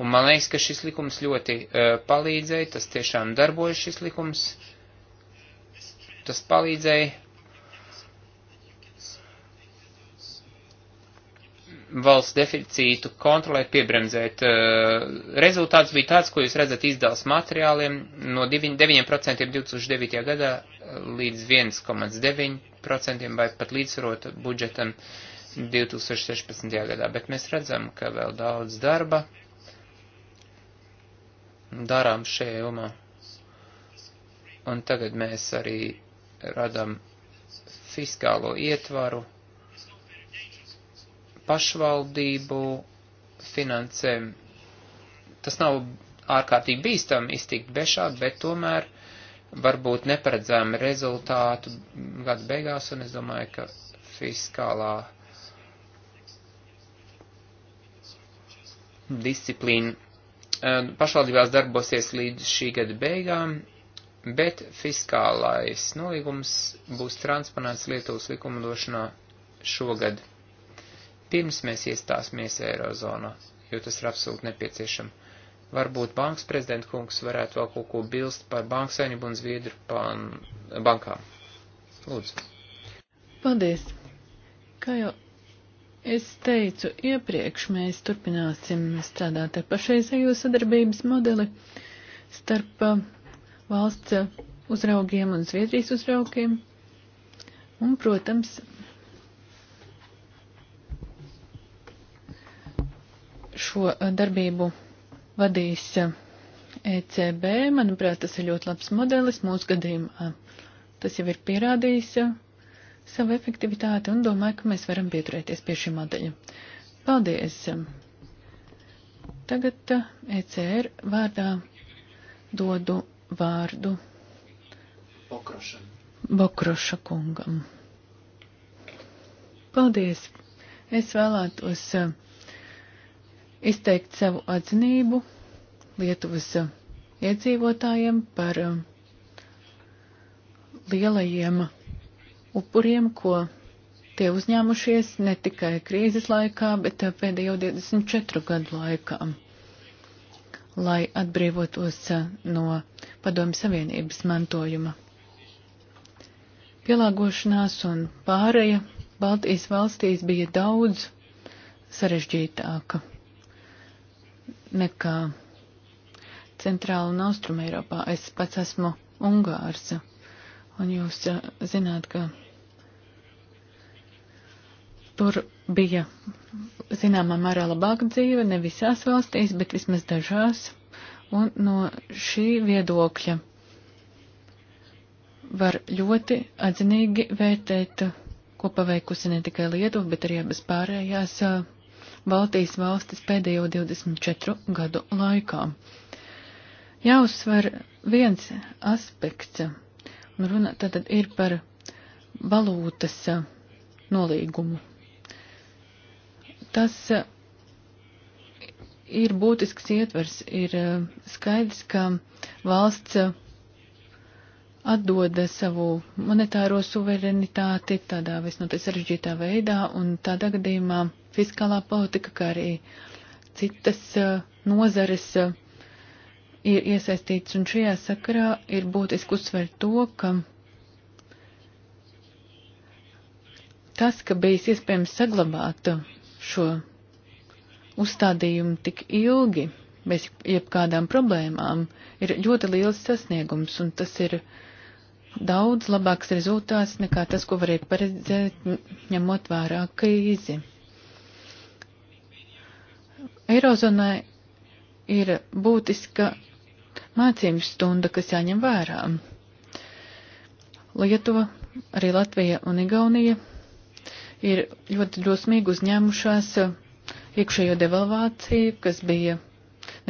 Un man liekas, ka šis likums ļoti uh, palīdzēja, tas tiešām darbojas šis likums, tas palīdzēja valsts deficītu kontrolēt, piebremzēt. Uh, rezultāts bija tāds, ko jūs redzat izdāls materiāliem no 9% 2009. gadā uh, līdz 1,9% vai pat līdzsvarot budžetam 2016. gadā, bet mēs redzam, ka vēl daudz darba darām šajā jomā. Un tagad mēs arī radam fiskālo ietvaru, pašvaldību finansēm. Tas nav ārkārtīgi bīstam iztikt bešā, bet tomēr varbūt neparedzējami rezultātu gada beigās, un es domāju, ka fiskālā disciplīna pašvaldībās darbosies līdz šī gada beigām, bet fiskālais nolīgums būs transponēts Lietuvas likumdošanā šogad, pirms mēs iestāsimies Eirozonā, jo tas ir absolūti nepieciešams. Varbūt bankas prezidenta kungs varētu vēl kaut ko bilst par banku saimnību un zviedru pan, bankām. Lūdzu. Paldies. Kā jau Es teicu, iepriekš mēs turpināsim strādāt ar pašreizējo sadarbības modeli starp uh, valsts uzraugiem un Zviedrijas uzraugiem. Un, protams, šo uh, darbību vadīs uh, ECB. Manuprāt, tas ir ļoti labs modelis mūsu gadījumā. Tas jau ir pierādījis savu efektivitāti un domāju, ka mēs varam pieturēties pie šī modeļa. Paldies! Tagad ECR eh, e vārdā dodu vārdu Bokroša, Bokroša kungam. Paldies! Es vēlētos eh, izteikt savu atzinību Lietuvas eh, iedzīvotājiem par lielajiem upuriem, ko tie uzņēmušies ne tikai krīzes laikā, bet eh, pēdējo 24 gadu laikā, lai atbrīvotos eh, no padomju savienības mantojuma. Pielāgošanās un pāreja Baltijas valstīs bija daudz sarežģītāka nekā Centrāla un Austruma Eiropā. Es pats esmu Ungārs, un jūs eh, zināt, ka Tur bija zināmā mērā labāka dzīve, ne visās valstīs, bet vismaz dažās. Un no šī viedokļa var ļoti atzinīgi vērtēt, ko paveikusi ne tikai Lietuva, bet arī abas pārējās Baltijas valstis pēdējo 24 gadu laikā. Jāuzsver viens aspekts, un runa tātad ir par valūtas nolīgumu Tas e, ir būtisks ietvers. Ir e, skaidrs, ka valsts e, atdod savu monetāro suverenitāti tādā visnotaļ sarežģītā veidā, un tādā gadījumā fiskālā politika, kā arī citas nozares ir iesaistīts, un šajā sakarā ir būtiski uzsvērt to, ka tas, ka bijis iespējams saglabāt šo uzstādījumu tik ilgi, bez jebkādām problēmām, ir ļoti liels sasniegums, un tas ir daudz labāks rezultāts nekā tas, ko varēja paredzēt, ņemot vērā krīzi. Eirozonai ir būtiska mācības stunda, kas jāņem vērā. Lietuva, arī Latvija un Igaunija ir ļoti drosmīgi uzņēmušās iekšējo devalvāciju, kas bija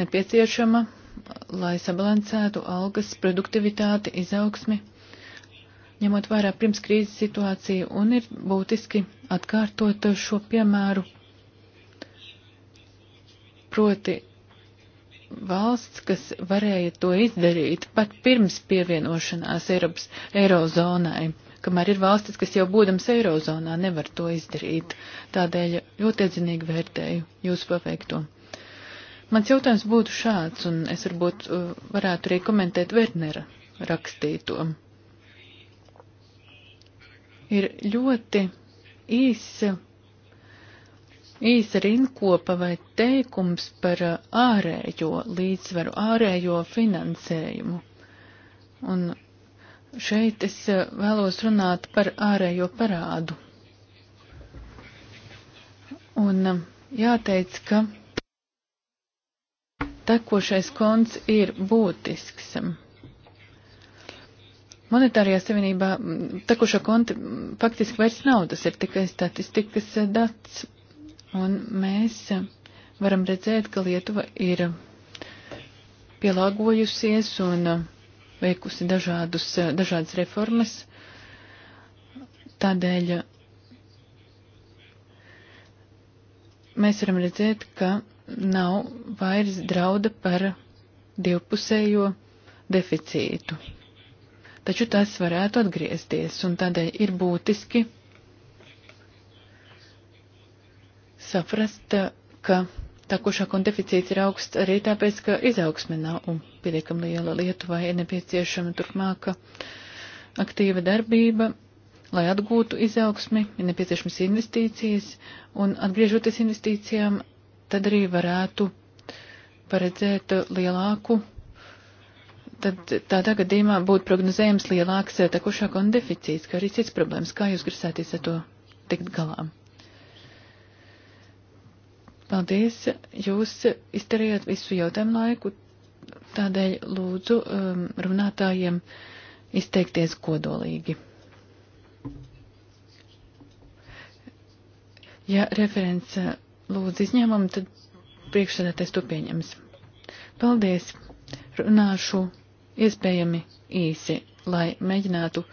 nepieciešama, lai sabalansētu algas, produktivitāti, izaugsmi, ņemot vērā pirms krīzes situāciju, un ir būtiski atkārtot šo piemēru. Proti valsts, kas varēja to izdarīt pat pirms pievienošanās Eiropas Eirozonai. Eiro kamēr ir valstis, kas jau būdams Eirozonā nevar to izdarīt. Tādēļ ļoti iedzinīgi vērtēju jūsu paveikto. Mans jautājums būtu šāds, un es varbūt uh, varētu arī komentēt Vernera rakstīto. Ir ļoti īsa īsa rinkopa vai teikums par uh, ārējo līdzsvaru, ārējo finansējumu. Un Šeit es eh, vēlos runāt par ārējo parādu. Un eh, jāteic, ka tekošais konts ir būtisks. Monetārajā savienībā tekošo konta faktiski vairs nav, tas ir tikai statistikas eh, dats. Un mēs varam redzēt, ka Lietuva ir pielāgojusies un veikusi dažādus, eh, dažādas reformas. Tādēļ mēs varam redzēt, ka nav vairs drauda par divpusējo deficītu. Taču tas varētu atgriezties, un tādēļ ir būtiski saprast, ka tā košākuma deficīts ir augsts arī tāpēc, ka izaugsme nav un pietiekam liela Lietuvai ir nepieciešama turpmāka aktīva darbība, lai atgūtu izaugsmi, ir nepieciešamas investīcijas un atgriežoties investīcijām, tad arī varētu paredzēt lielāku, tad tādā gadījumā būtu prognozējams lielāks tekošākuma deficīts, kā arī cits problēmas, kā jūs grasāties ar to tikt galām. Paldies, jūs izturējāt visu jautājumu laiku, tādēļ lūdzu um, runātājiem izteikties kodolīgi. Ja referents uh, lūdz izņēmumu, tad priekšsēdētais to pieņems. Paldies! Runāšu iespējami īsi, lai mēģinātu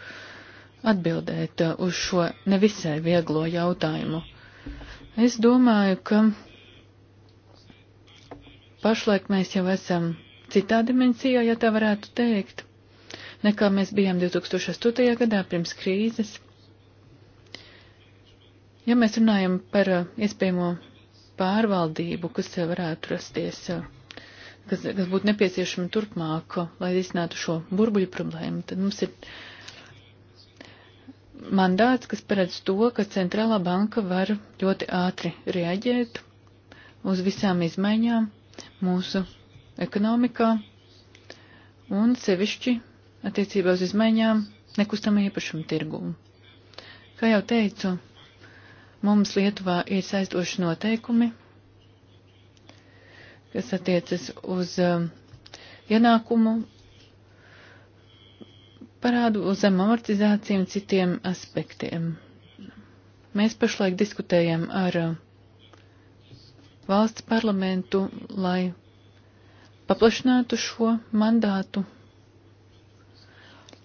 atbildēt uh, uz šo nevisai vieglo jautājumu. Es domāju, ka pašlaik mēs jau esam citā dimensijā, ja tā varētu teikt, nekā mēs bijām 2008. gadā pirms krīzes. Ja mēs runājam par uh, iespējamo pārvaldību, kas uh, varētu rasties, uh, kas, kas būtu nepieciešama turpmāk, lai risinātu šo burbuļu problēmu, tad mums ir mandāts, kas paredz to, ka centrālā banka var ļoti ātri reaģēt uz visām izmaiņām mūsu ekonomikā un sevišķi attiecībā uz izmaiņām nekustamā īpašuma tirgū. Kā jau teicu, mums Lietuvā ir saistoši noteikumi, kas attiecas uz uh, ienākumu parādu, uz amortizāciju un citiem aspektiem. Mēs pašlaik diskutējam ar uh, valsts parlamentu, lai paplašinātu šo mandātu.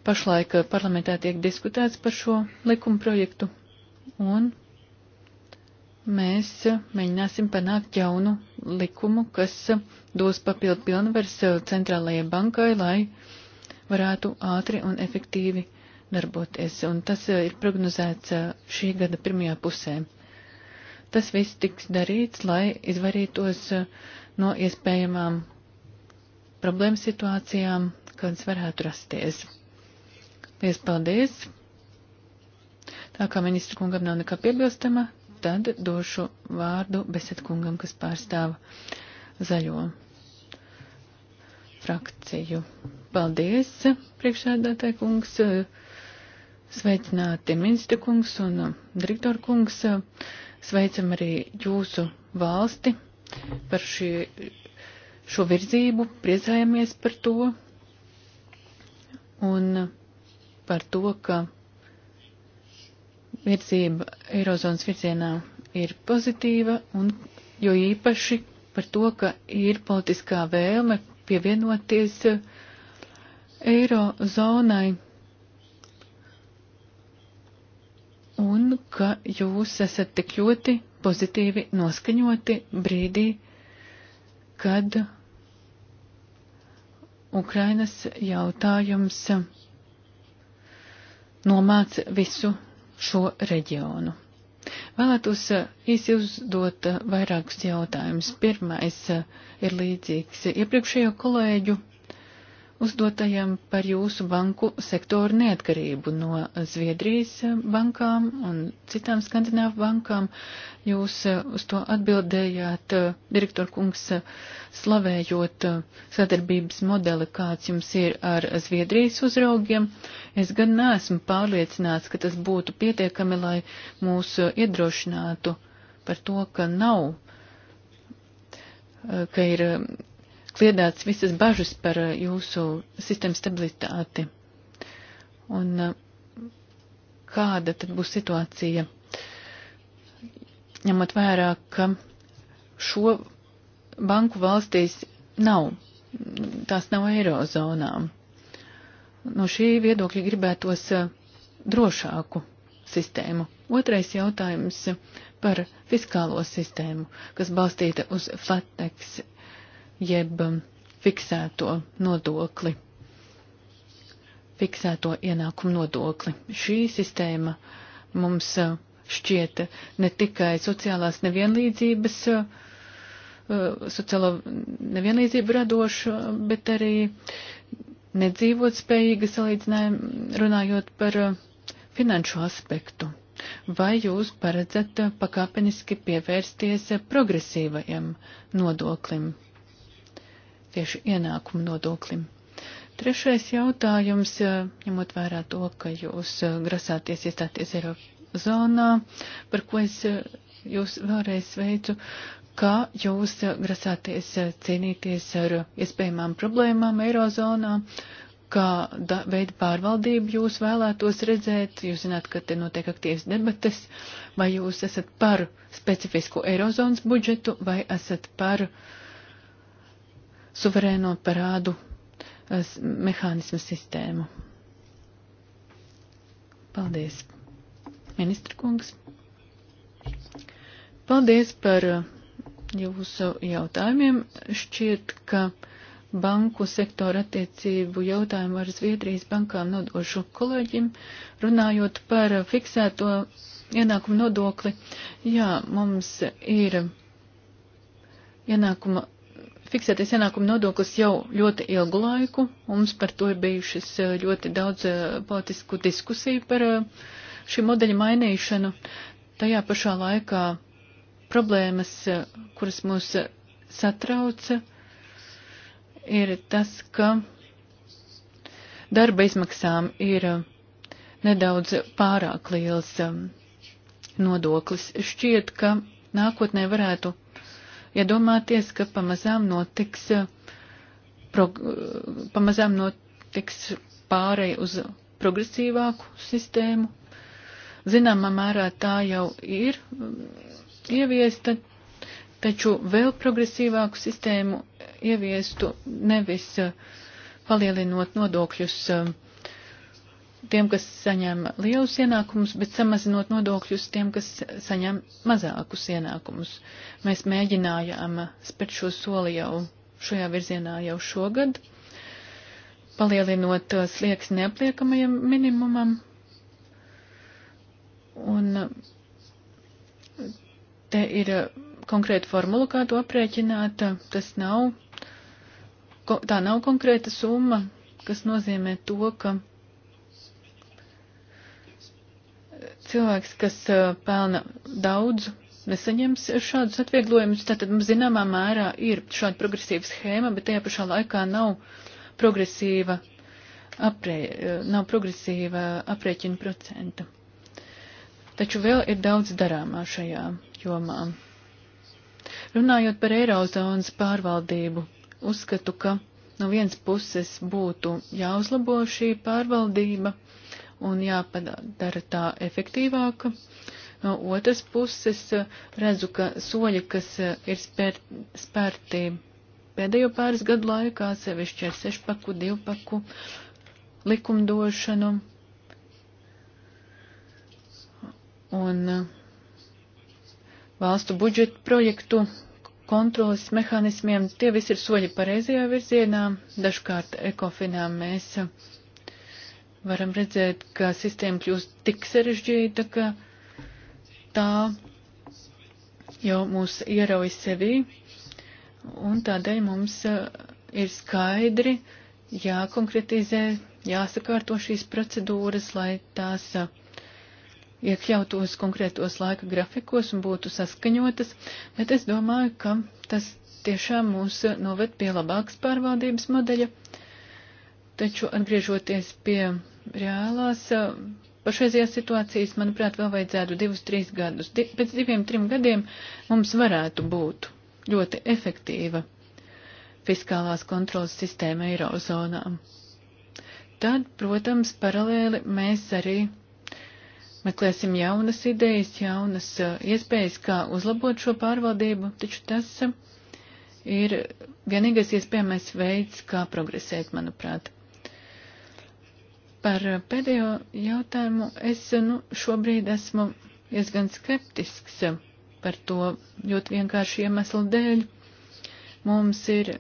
Pašlaik parlamentā tiek diskutēts par šo likuma projektu, un mēs mēģināsim panākt jaunu likumu, kas dos papildu pilnvars centrālajai bankai, lai varētu ātri un efektīvi darboties. Un tas ir prognozēts šī gada pirmajā pusē. Tas viss tiks darīts, lai izvarītos uh, no iespējamām problēmu situācijām, kādas varētu rasties. Lies paldies! Tā kā ministra kungam nav nekā piebilstama, tad došu vārdu Beset kungam, kas pārstāv zaļo frakciju. Paldies, priekšsēdētāji kungs, sveicināti ministra kungs un uh, direktora kungs. Sveicam arī jūsu valsti par šī, šo virzību, priecājamies par to un par to, ka virzība Eirozonas virzienā ir pozitīva un jo īpaši par to, ka ir politiskā vēlme pievienoties Eirozonai un ka jūs esat tik ļoti pozitīvi noskaņoti brīdī, kad Ukrainas jautājums nomāc visu šo reģionu. Vēlētos īsi uzdot vairākus jautājumus. Pirmais ir līdzīgs iepriekšējo kolēģu uzdotajam par jūsu banku sektoru neatkarību no Zviedrijas bankām un citām Skandināvu bankām. Jūs eh, uz to atbildējāt, eh, direktor kungs, eh, slavējot sadarbības modeli, kāds jums ir ar Zviedrijas uzraugiem. Es gan neesmu pārliecināts, ka tas būtu pietiekami, lai mūs iedrošinātu par to, ka nav, ka ir kliedēts visas bažas par eh, jūsu sistēmas stabilitāti. Un eh, kāda tad būs situācija, ņemot vērā, ka šo banku valstīs nav, tās nav eirozonām. No šī viedokļa gribētos eh, drošāku sistēmu. Otrais jautājums par fiskālo sistēmu, kas balstīta uz flattex jeb um, fiksēto nodokli, fiksēto ienākumu nodokli. Šī sistēma mums uh, šķiet ne tikai sociālās nevienlīdzības, uh, uh, sociālo nevienlīdzību radoša, bet arī nedzīvot spējīga salīdzinājuma runājot par finanšu aspektu. Vai jūs paredzat pakāpeniski pievērsties progresīvajam nodoklim? tieši ienākumu nodoklim. Trešais jautājums, eh, ņemot vērā to, ka jūs eh, grasāties iestāties Eiropas zonā, par ko es eh, jūs vēlreiz sveicu, kā jūs grasāties cīnīties ar iespējamām problēmām Eirozonā, kāda veida pārvaldību jūs vēlētos redzēt, jūs zināt, ka te notiek aktīvas debates, vai jūs esat par specifisko Eirozonas budžetu, vai esat par uh, suverēno parādu eh, mehānismu sistēmu. Paldies, ministra kungs. Paldies par eh, jūsu jautājumiem. Šķiet, ka banku sektora attiecību jautājumu ar Zviedrijas bankām nodošu kolēģim, runājot par fiksēto ienākumu nodokli. Jā, mums ir ienākuma fiksētais ienākuma nodoklis jau ļoti ilgu laiku. Mums par to ir bijušas eh, ļoti daudz eh, politisku diskusiju par eh, šī modeļa mainīšanu. Tajā pašā laikā problēmas, kuras mūs satrauca, ir tas, ka darba izmaksām ir nedaudz pārāk liels nodoklis. Šķiet, ka nākotnē varētu iedomāties, ka pamazām notiks, eh, pro, eh, pamazām notiks pārēj uz progresīvāku sistēmu. Zināmā mērā tā jau ir mm, ieviesta, taču vēl progresīvāku sistēmu ieviestu nevis eh, palielinot nodokļus tiem, kas saņem lielus ienākumus, bet samazinot nodokļus tiem, kas saņem mazākus ienākumus. Mēs mēģinājām spērt šo soli jau šajā virzienā jau šogad, palielinot uh, slieks neapliekamajam minimumam. Un uh, te ir uh, konkrēta formula, kā to aprēķināt. Tas nav, tā nav konkrēta summa, kas nozīmē to, ka cilvēks, kas pelna daudz, nesaņems šādus atvieglojumus. Tātad mums zināmā mērā ir šāda progresīva schēma, bet tajā pašā laikā nav progresīva, aprē, nav progresīva aprēķina procenta. Taču vēl ir daudz darāmā šajā jomā. Runājot par Eirozonas pārvaldību, uzskatu, ka no vienas puses būtu jāuzlabo šī pārvaldība un jāpadara tā efektīvāka. No otras puses redzu, ka soļi, kas eh, ir spēr, spērti pēdējo pāris gadu laikā, sevišķi ar sešpaku, divpaku likumdošanu, un eh, valstu budžetu projektu kontrolas mehānismiem, tie visi ir soļi pareizajā virzienā. Dažkārt ekofinā mēs varam redzēt, ka sistēma kļūst tik sarežģīta, ka tā jau mūs ierauj sevī, un tādēļ mums uh, ir skaidri jākonkretizē, jāsakārto šīs procedūras, lai tās uh, iekļautos konkrētos laika grafikos un būtu saskaņotas, bet es domāju, ka tas tiešām mūs noved pie labākas pārvaldības modeļa Taču atgriežoties pie reālās pašreizajās situācijas, manuprāt, vēl vajadzētu divus, trīs gadus. Di pēc diviem, trim gadiem mums varētu būt ļoti efektīva fiskālās kontrolas sistēma Eirozonā. Tad, protams, paralēli mēs arī meklēsim jaunas idejas, jaunas iespējas, kā uzlabot šo pārvaldību, taču tas ir vienīgais iespējamais veids, kā progresēt, manuprāt. Par pēdējo jautājumu es nu, šobrīd esmu diezgan skeptisks par to ļoti vienkārši iemeslu dēļ. Mums ir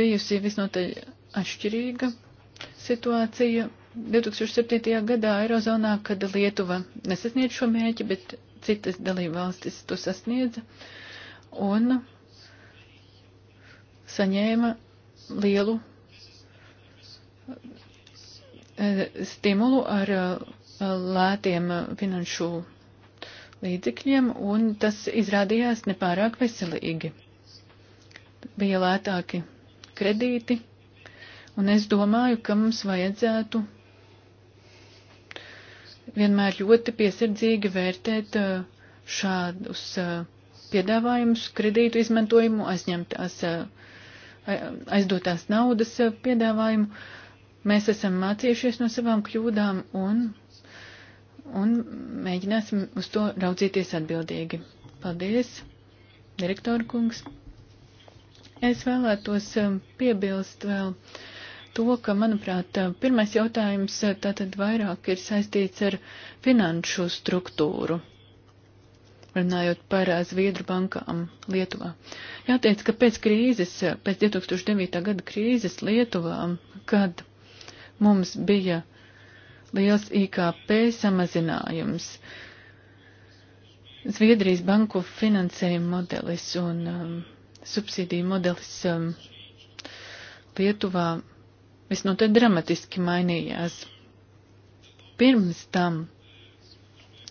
bijusi visnotaļ atšķirīga situācija 2007. gadā Eirozonā, kad Lietuva nesasniedz šo mērķi, bet citas dalībvalstis to sasniedza un saņēma lielu Eh, stimulu ar eh, lētiem eh, finanšu līdzekļiem, un tas izrādījās nepārāk veselīgi. Bija lētāki kredīti, un es domāju, ka mums vajadzētu vienmēr ļoti piesardzīgi vērtēt šādus piedāvājumus, kredītu izmantojumu, aizņemtās, aizdotās naudas piedāvājumu Mēs esam mācījušies no savām kļūdām un, un mēģināsim uz to raudzīties atbildīgi. Paldies, direktora kungs. Es vēlētos um, piebilst vēl to, ka, manuprāt, uh, pirmais jautājums uh, tātad vairāk ir saistīts ar finanšu struktūru runājot par uh, Zviedru bankām Lietuvā. Jāteic, ka pēc krīzes, pēc 2009. gada krīzes Lietuvā, kad Mums bija liels IKP samazinājums. Zviedrijas banku finansējuma modelis un um, subsīdiju modelis um, Lietuvā visnotaļ dramatiski mainījās. Pirms tam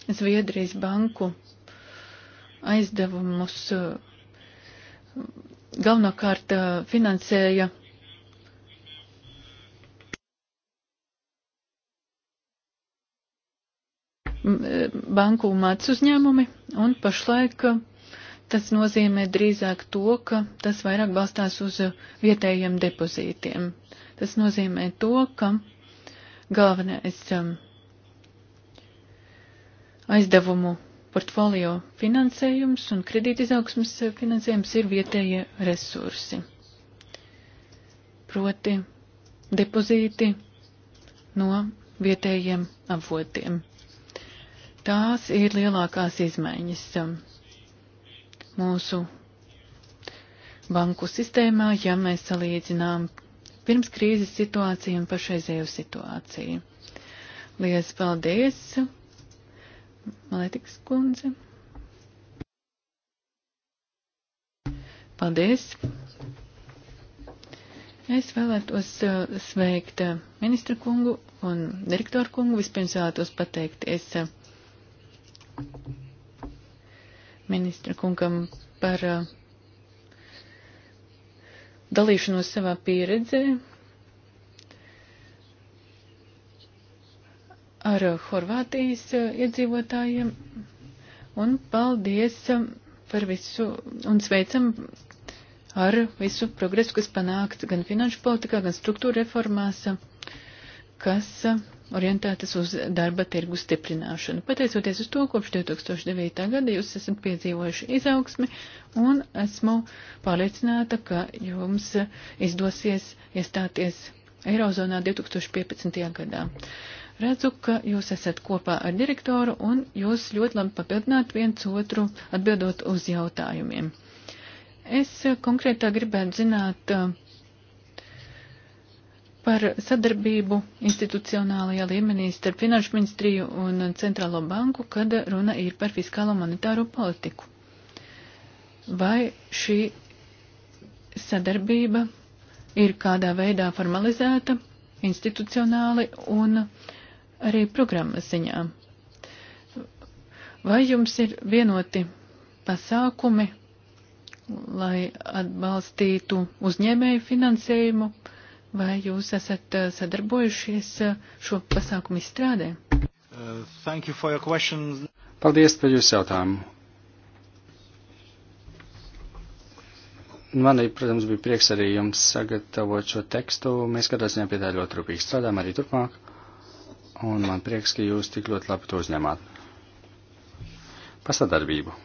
Zviedrijas banku aizdevumus uh, galvenokārt uh, finansēja E, banku māc uzņēmumi, un pašlaik e, tas nozīmē drīzāk to, ka tas vairāk balstās uz vietējiem depozītiem. Tas nozīmē to, ka galvenais e, aizdevumu portfolio finansējums un kredītizaugsmas finansējums ir vietējie resursi. Proti depozīti no vietējiem avotiem. Tās ir lielākās izmaiņas um, mūsu banku sistēmā, ja mēs salīdzinām pirms krīzes situāciju un pašreizēju situāciju. Lielas paldies, Maletikas kundze. Paldies. Es vēlētos uh, sveikt uh, ministru kungu un direktoru kungu. Vispirms vēlētos pateikties uh, ministra kungam par uh, dalīšanos savā pieredzē ar uh, Horvātijas uh, iedzīvotājiem un paldies um, par visu un sveicam ar visu progresu, kas panākts gan finanšu politikā, gan struktūra reformās, uh, kas uh, orientētas uz darba tirgu stiprināšanu. Pateicoties uz to, kopš 2009. gada jūs esat piedzīvojuši izaugsmi un esmu pārliecināta, ka jums izdosies iestāties Eirozonā 2015. gadā. Redzu, ka jūs esat kopā ar direktoru un jūs ļoti labi papildināt viens otru atbildot uz jautājumiem. Es konkrētā gribētu zināt, uh, par sadarbību institucionālajā līmenī starp Finanšu ministriju un Centrālo banku, kad runa ir par fiskālo monetāro politiku. Vai šī sadarbība ir kādā veidā formalizēta institucionāli un arī programmas ziņā? Vai jums ir vienoti pasākumi, lai atbalstītu uzņēmēju finansējumu? Vai jūs esat uh, sadarbojušies uh, šo pasākumu izstrādē? Uh, Paldies par jūsu jautājumu. Man, protams, bija prieks arī jums sagatavot šo tekstu. Mēs katrā ziņā pie tā ļoti rūpīgi strādājam arī turpmāk. Un man prieks, ka jūs tik ļoti labi to uzņemāt. Par sadarbību.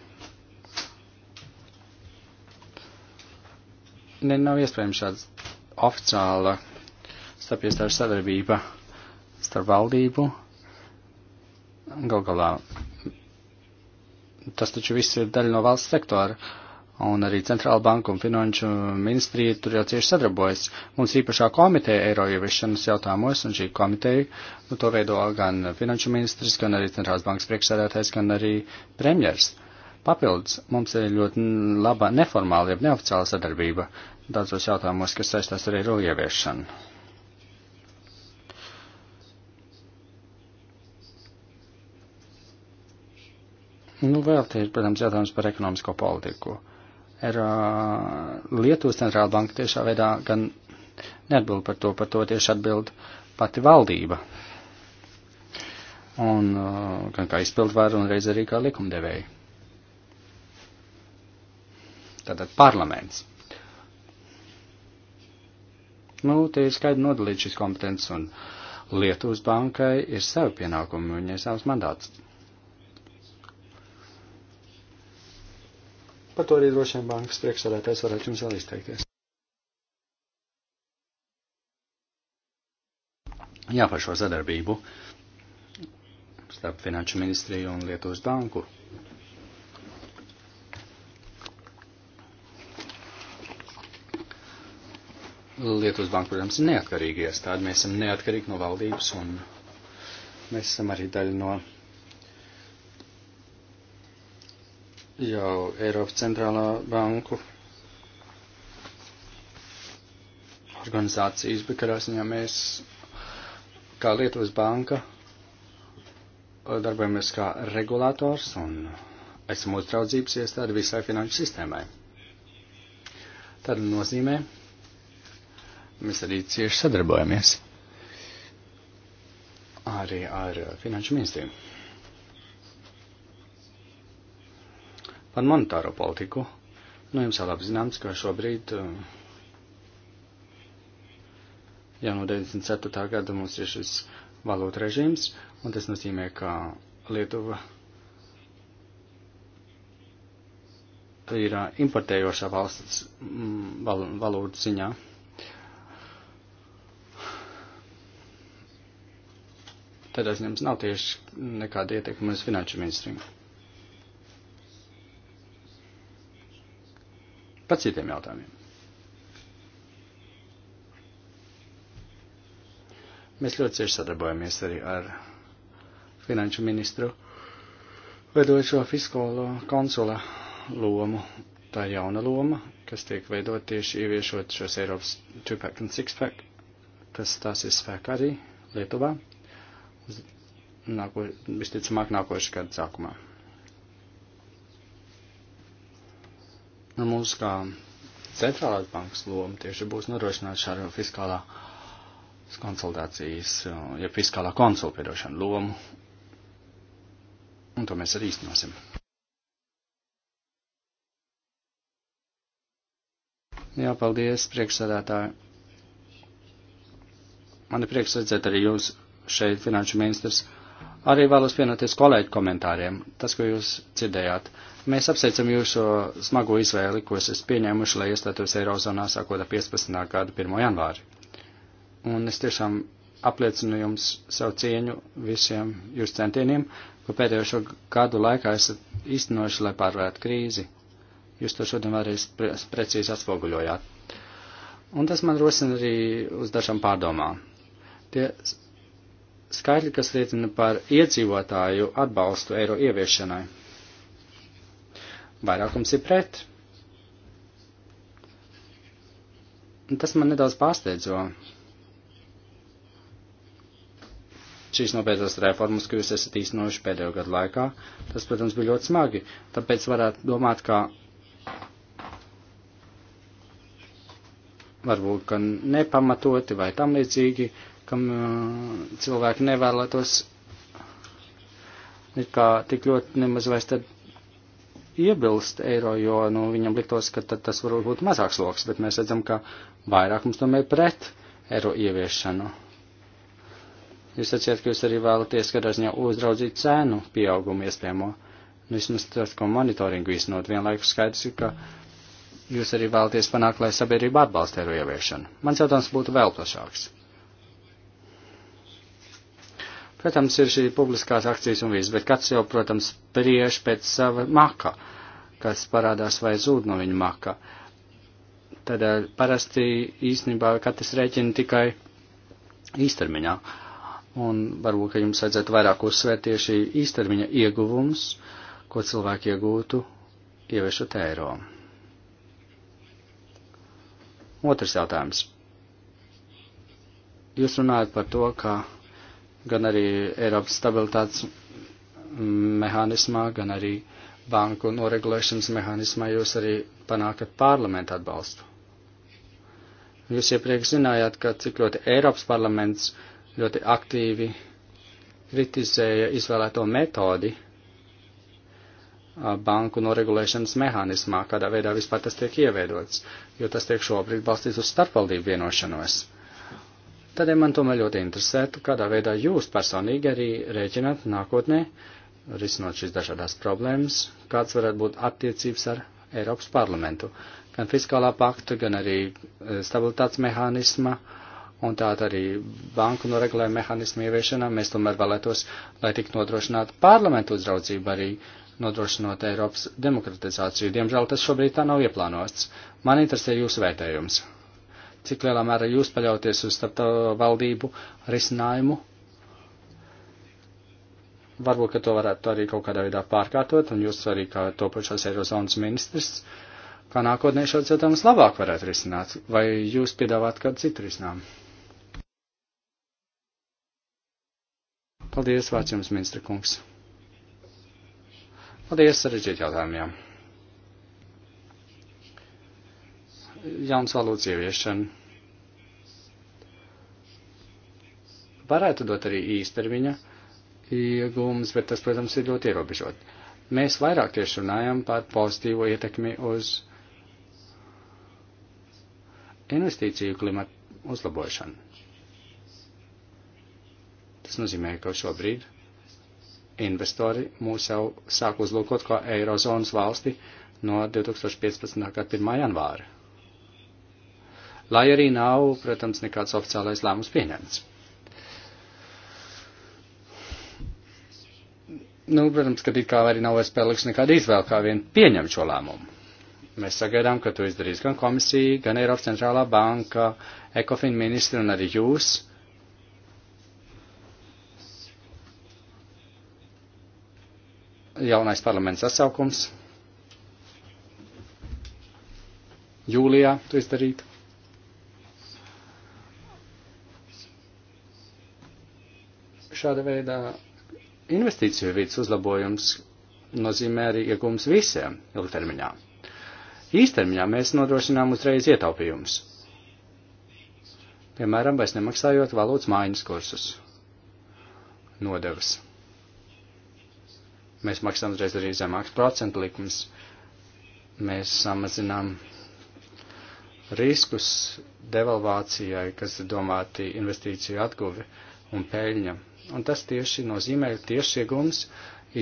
Ne, nav iespējams šāds oficiāla starpiestāžu sadarbība starp valdību. Gal galā tas taču viss ir daļa no valsts sektora. Un arī Centrāla banka un Finanšu ministrija tur jau cieši sadarbojas. Mums īpašā komiteja eiro ieviešanas jautājumos, un šī komiteja nu, to veido gan Finanšu ministrs, gan arī Centrālas bankas priekšsēdētājs, gan arī premjers. Uh, Papildus mums ir ļoti laba neformāla, jeb neoficiāla sadarbība daudzos jautājumos, kas saistās ar eiro ieviešanu. Nu, vēl te ir, protams, jautājums par ekonomisko politiku. Ir uh, Lietuvas centrāla banka tiešā veidā gan neatbild par to, par to tieši atbild pati valdība. Un uh, gan kā izpildvaru un reiz arī kā likumdevēja tātad parlaments. Nu, te ir skaidri nodalīt šis kompetences un Lietuvas bankai ir savi pienākumi, viņai savs mandāts. Par to arī droši vien bankas priekšsēdētājs varētu jums vēl izteikties. Jā, par šo sadarbību starp Finanšu ministriju un Lietuvas banku. Lietuvas banka, protams, ir neatkarīga iestāde. Mēs esam neatkarīgi no valdības un mēs esam arī daļa no jau Eiropas centrālā banku organizācijas, bet kādā ziņā mēs kā Lietuvas banka darbojamies kā regulators un esam uztraudzības iestāde visai finanšu sistēmai. Tad nozīmē, Mēs arī cieši sadarbojamies arī ar uh, finanšu ministriem. Par monetāro politiku. Nu, jums jau labi zināms, ka šobrīd uh, jau no 94. gada mums ir šis valūta režīms, un tas nozīmē, ka Lietuva ir uh, importējošā valsts mm, val, valūtas ziņā. Val, tad aizņems nav tieši nekāda ietekme uz finanšu ministriju. Par citiem jautājumiem. Mēs ļoti cieši sadarbojamies arī ar finanšu ministru veidojošo fiskālo konsula lomu. Tā ir jauna loma, kas tiek veidot tieši ieviešot šos Eiropas 2-pack un 6-pack, kas tās ir spēkā arī Lietuvā nāko, visticamāk nākošā gada sākumā. Un nu, mūsu kā centrālās bankas loma tieši būs nodrošināt šādu fiskālā konsultācijas, ja fiskālā konsultēšana lomu. Un to mēs arī īstenosim. Jā, paldies, priekšsēdētāji. Man ir prieks redzēt arī jūs šeit finanšu ministrs, arī vēlos pienoties kolēģu komentāriem, tas, ko jūs dzirdējāt. Mēs apsveicam jūsu smago izvēli, ko esat pieņēmuši, lai iestātos Eirozonā sākot ar 15. gada 1. janvāri. Un es tiešām apliecinu jums savu cieņu visiem jūsu centieniem, ko pēdējo šo gadu laikā esat īstenojuši, lai pārvarētu krīzi. Jūs to šodien vēlreiz pre precīzi atspoguļojāt. Un tas man rosina arī uz dažām pārdomām. Tie skaidri, kas liecina par iedzīvotāju atbalstu eiro ieviešanai. Vairākums ir pret. Tas man nedaudz pārsteidzo. Šīs nopietnas reformas, ko jūs esat īstenojuši pēdējo gadu laikā, tas, protams, bija ļoti smagi. Tāpēc varētu domāt, ka varbūt, ka nepamatoti vai tam līdzīgi kam cilvēki nevēlētos kā tik ļoti nemaz vairs tad iebilst eiro, jo nu, viņam liktos, ka tad tas var būt mazāks loks, bet mēs redzam, ka vairāk mums tomēr pret eiro ieviešanu. Jūs sacījāt, ka jūs arī vēlaties, kad ziņā uzraudzīt cēnu pieaugumu iespējamo. Nu, vismaz tas, ko monitoringu īstenot, vienlaikus skaidrs ir, ka jūs arī vēlaties panākt, lai sabiedrība atbalsta eiro ieviešanu. Mans jautājums būtu vēl plašāks. Protams, ir šī publiskās akcijas un viss, bet kāds jau, protams, priež pēc sava maka, kas parādās vai zūd no viņa maka. Tad eh, parasti īstenībā katrs rēķina tikai īstermiņā. Un varbūt, ka jums vajadzētu vairāk uzsvērt tieši īstermiņa ieguvums, ko cilvēki iegūtu, ieviešot eiro. Otrs jautājums. Jūs runājat par to, ka gan arī Eiropas stabilitātes mehānismā, gan arī banku noregulēšanas mehānismā jūs arī panākat parlamentu atbalstu. Jūs iepriekš zinājāt, ka cik ļoti Eiropas parlaments ļoti aktīvi kritizēja izvēlēto metodi banku noregulēšanas mehānismā, kādā veidā vispār tas tiek ievēdots, jo tas tiek šobrīd balstīts uz starpvaldību vienošanos. Uh, Tādēļ man tomēr ļoti interesētu, kādā veidā jūs personīgi arī rēķināt nākotnē, risinot šīs dažādās problēmas, kāds varētu būt attiecības ar Eiropas parlamentu, gan fiskālā pakta, gan arī e, stabilitātes mehānisma, un tāda arī banku noregulējuma mehānisma ieviešanā. Mēs tomēr vēlētos, lai tik nodrošinātu parlamentu uzraudzību arī nodrošinot Eiropas demokratizāciju. Diemžēl tas šobrīd tā nav ieplānots. Man interesē jūsu vērtējums cik lielā mērā jūs paļauties uz starptautisko valdību risinājumu. Varbūt, ka to varētu arī kaut kādā veidā pārkārtot, un jūs arī kā topošās Eirozonas ministrs, kā nākotnē šāds jautājums labāk varētu risināt, vai jūs piedāvāt kādu citu risinājumu? Paldies, vārds jums, ministra kungs. Paldies, sarežģīt jautājumiem. jauns valodas ieviešana. Varētu dot arī īstermiņa iegūmus, bet tas, protams, ir ļoti ierobežot. Mēs vairāk tieši runājam par pozitīvo ietekmi uz investīciju klimatu uzlabošanu. Tas nozīmē, ka šobrīd investori mūs jau sāk uzlūkot kā Eirozonas valsti no 2015. gada 1. janvāra lai arī nav, protams, nekāds oficiālais lēmums pieņemts. Nu, protams, ka it kā arī nav vairs paliks nekāda izvēle, kā vien pieņemt šo lēmumu. Mēs sagaidām, ka to izdarīs gan komisija, gan Eiropas centrālā banka, ekofin ministri un arī jūs. Jaunais parlaments sasaukums. Jūlijā to izdarīt. šāda veidā investīciju vidas uzlabojums nozīmē arī iegums visiem ilgtermiņā. Īstermiņā mēs nodrošinām uzreiz ietaupījumus. Piemēram, vairs nemaksājot valūtas mājas kursus nodevas. Mēs maksām uzreiz arī zemāks procentu likums. Mēs samazinām riskus devalvācijai, kas ir domāti investīciju atguvi un peļņam Un tas tieši nozīmē tieši iegums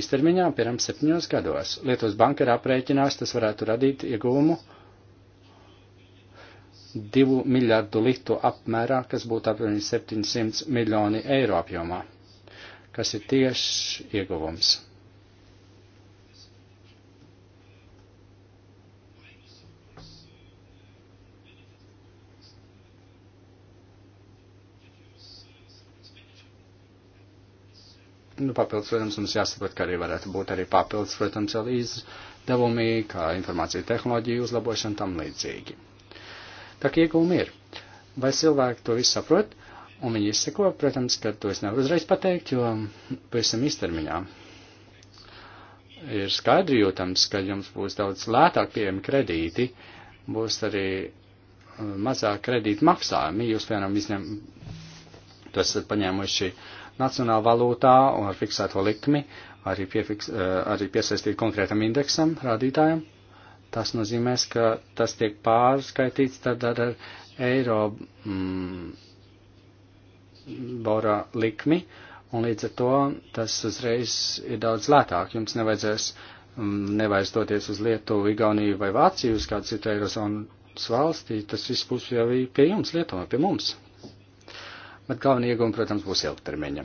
īstermiņā, piemēram, septiņos gados. Lietuvas banka ir aprēķinās, tas varētu radīt ieguvumu divu miljardu litu apmērā, kas būtu apmēram 700 miljoni eiro apjomā, kas ir tieši ieguvums. nu, papildus, protams, mums jāsaprot, ka arī varētu būt arī papildus, protams, vēl izdevumi, kā informācija tehnoloģija uzlabošana tam līdzīgi. Tā kā iegūmi ir. Vai cilvēki to visu saprot, un viņi izseko, protams, ka to es nevaru uzreiz pateikt, jo pavisam īstermiņā ir skaidri jūtams, ka jums būs daudz lētāk pieejami kredīti, būs arī uh, mazāk kredīti maksājumi, jūs, piemēram, izņem, to esat paņēmuši uh, nacionālā valūtā un ar fiksēto likmi, arī, piefiks, eh, arī piesaistīt konkrētam indeksam, rādītājam. Tas nozīmēs, ka tas tiek pārskaitīts tad ar, ar eiro mm, bora likmi, un līdz ar to tas uzreiz ir daudz lētāk. Jums nevajadzēs, mm, nevajadzēs doties uz Lietuvu, Igauniju vai Vāciju, uz kādu citu eirozonas valstī. Tas viss būs jau pie jums, Lietuvā, pie mums bet galvenā ieguma, protams, būs ilgtermiņa.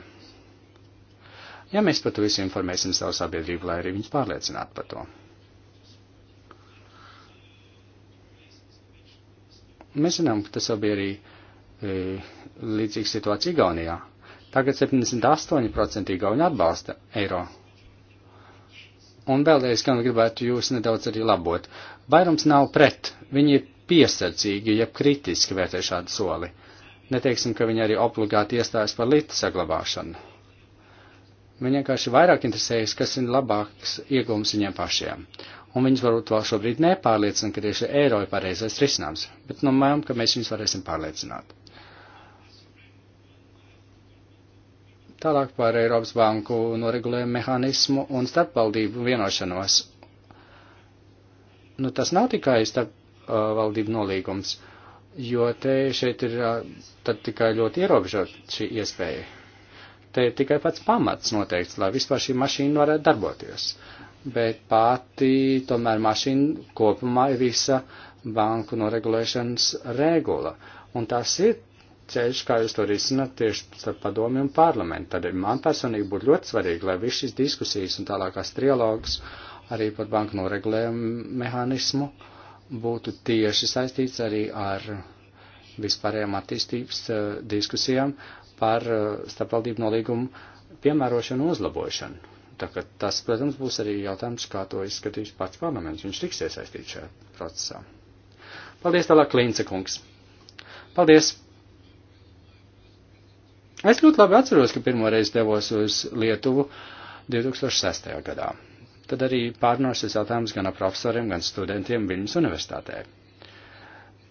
Ja mēs par to visu informēsim savu sabiedrību, lai arī viņus pārliecinātu par to. Mēs zinām, ka tas jau bija arī e, līdzīga situācija Igaunijā. Tagad 78% Igauni atbalsta eiro. Un vēlreiz, gan gribētu jūs nedaudz arī labot. Vairums nav pret, viņi ir piesardzīgi, ja kritiski vērtē šādu soli neteiksim, ka viņi arī obligāti iestājas par līta saglabāšanu. Viņi vienkārši vairāk interesējas, kas ir labāks iegums viņiem pašiem. Un viņus varbūt vēl šobrīd nepārliecina, ka tieši eiro ir pareizais risinājums, bet domājam, nu, ka mēs viņus varēsim pārliecināt. Tālāk par Eiropas banku noregulējumu mehānismu un starpvaldību vienošanos. Nu, tas nav tikai starpvaldību uh, nolīgums. Uh, jo te šeit ir tad tikai ļoti ierobežot šī iespēja. Te ir tikai pats pamats noteikts, lai vispār šī mašīna varētu darboties. Bet pati tomēr mašīna kopumā ir visa banku noregulēšanas regula. Un tas ir ceļš, kā jūs to risināt tieši starp padomi un parlamentu. Tad man personīgi būtu ļoti svarīgi, lai viss šis diskusijas un tālākās trialogs arī par banku noregulējumu mehānismu uh, būtu tieši saistīts arī ar vispārējām attīstības uh, diskusijām par uh, starpvaldību nolīgumu piemērošanu un uzlabošanu. Tā kā tas, protams, būs arī jautājums, kā to izskatīs pats parlaments. Viņš tiks iesaistīts šajā procesā. Paldies tālāk, Klīnce kungs. Paldies! Es ļoti labi atceros, ka pirmo reizi devos uz Lietuvu 2006. gadā tad arī pārnošu šis jautājums gan profesoriem, gan studentiem Viļņas universitātē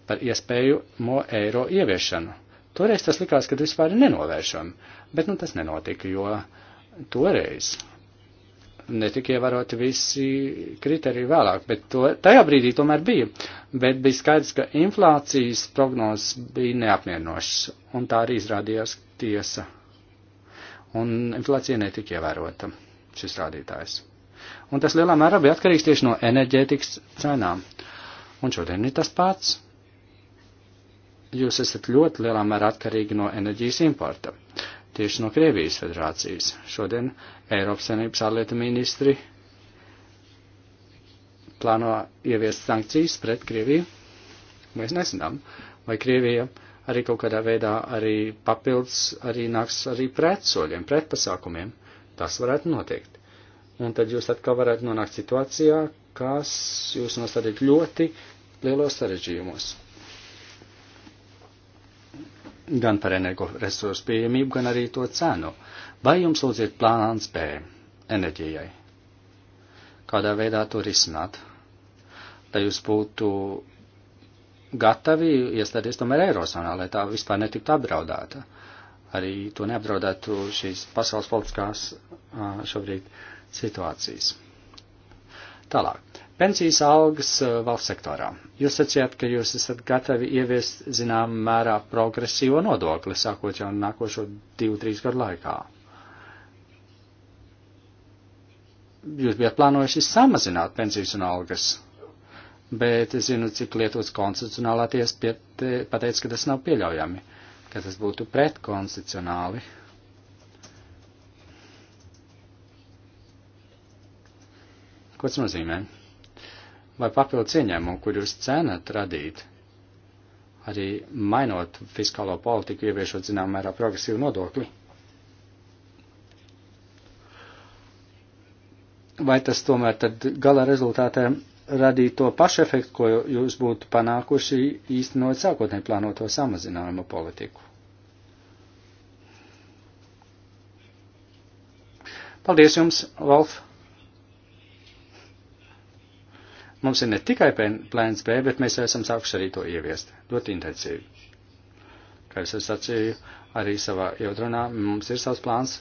par iespējamo eiro ieviešanu. Toreiz tas likās, ka tas vispār ir nenovēršami, bet nu tas nenotika, jo toreiz netika ievēroti visi kriteriji vēlāk, bet to, tajā brīdī tomēr bija. Bet bija skaidrs, ka inflācijas prognozes bija neapmierinošas, un tā arī izrādījās tiesa. Un inflācija netika ievērota, šis rādītājs. Un tas lielā mērā bija atkarīgs tieši no enerģētikas cenām. Un šodien ir tas pats. Jūs esat ļoti lielā mērā atkarīgi no enerģijas importa. Tieši no Krievijas federācijas. Šodien Eiropas Savienības ārlietu ministri plāno ieviest sankcijas pret Krieviju. Mēs nezinām, vai Krievija arī kaut kādā veidā arī papildus arī nāks arī pretsoļiem, pretpasākumiem. Tas varētu notikt un tad jūs atkal varētu nonākt situācijā, kas jūs nostādīt ļoti lielos sarežģījumos. Gan par energoresursu pieejamību, gan arī to cenu. Vai jums lūdz ir plāns B enerģijai? Kādā veidā to risināt? Lai jūs būtu gatavi iestāties tomēr Eirozonā, lai tā vispār netiktu apdraudēta. Arī to neapdraudētu šīs pasaules politiskās šobrīd uh, situācijas. Tālāk. Pensijas algas uh, valsts sektorā. Jūs sacījāt, ka jūs esat gatavi ieviest zinām mērā progresīvo nodokli, sākot jau nākošo divu, trīs gadu laikā. Jūs bijat plānojuši samazināt pensijas un algas, bet es zinu, cik Lietuvas konstitucionālā tiesa pateica, ka tas nav pieļaujami, ka tas būtu pretkonstitucionāli. Ko tas nozīmē? Vai papildus ieņēmumu, kur jūs cenat radīt, arī mainot fiskālo politiku, ieviešot zināmā mērā progresīvu nodokli? Vai tas tomēr tad gala rezultātā radīja to pašu efektu, ko jūs būtu panākuši īstenot sākotnēji plānoto samazinājumu politiku? Paldies jums, Valf! Mums ir ne tikai plēns B, bet mēs jau esam sākuši arī to ieviest ļoti intensīvi. Kā es sacīju, arī savā ievadrunā mums ir savs plāns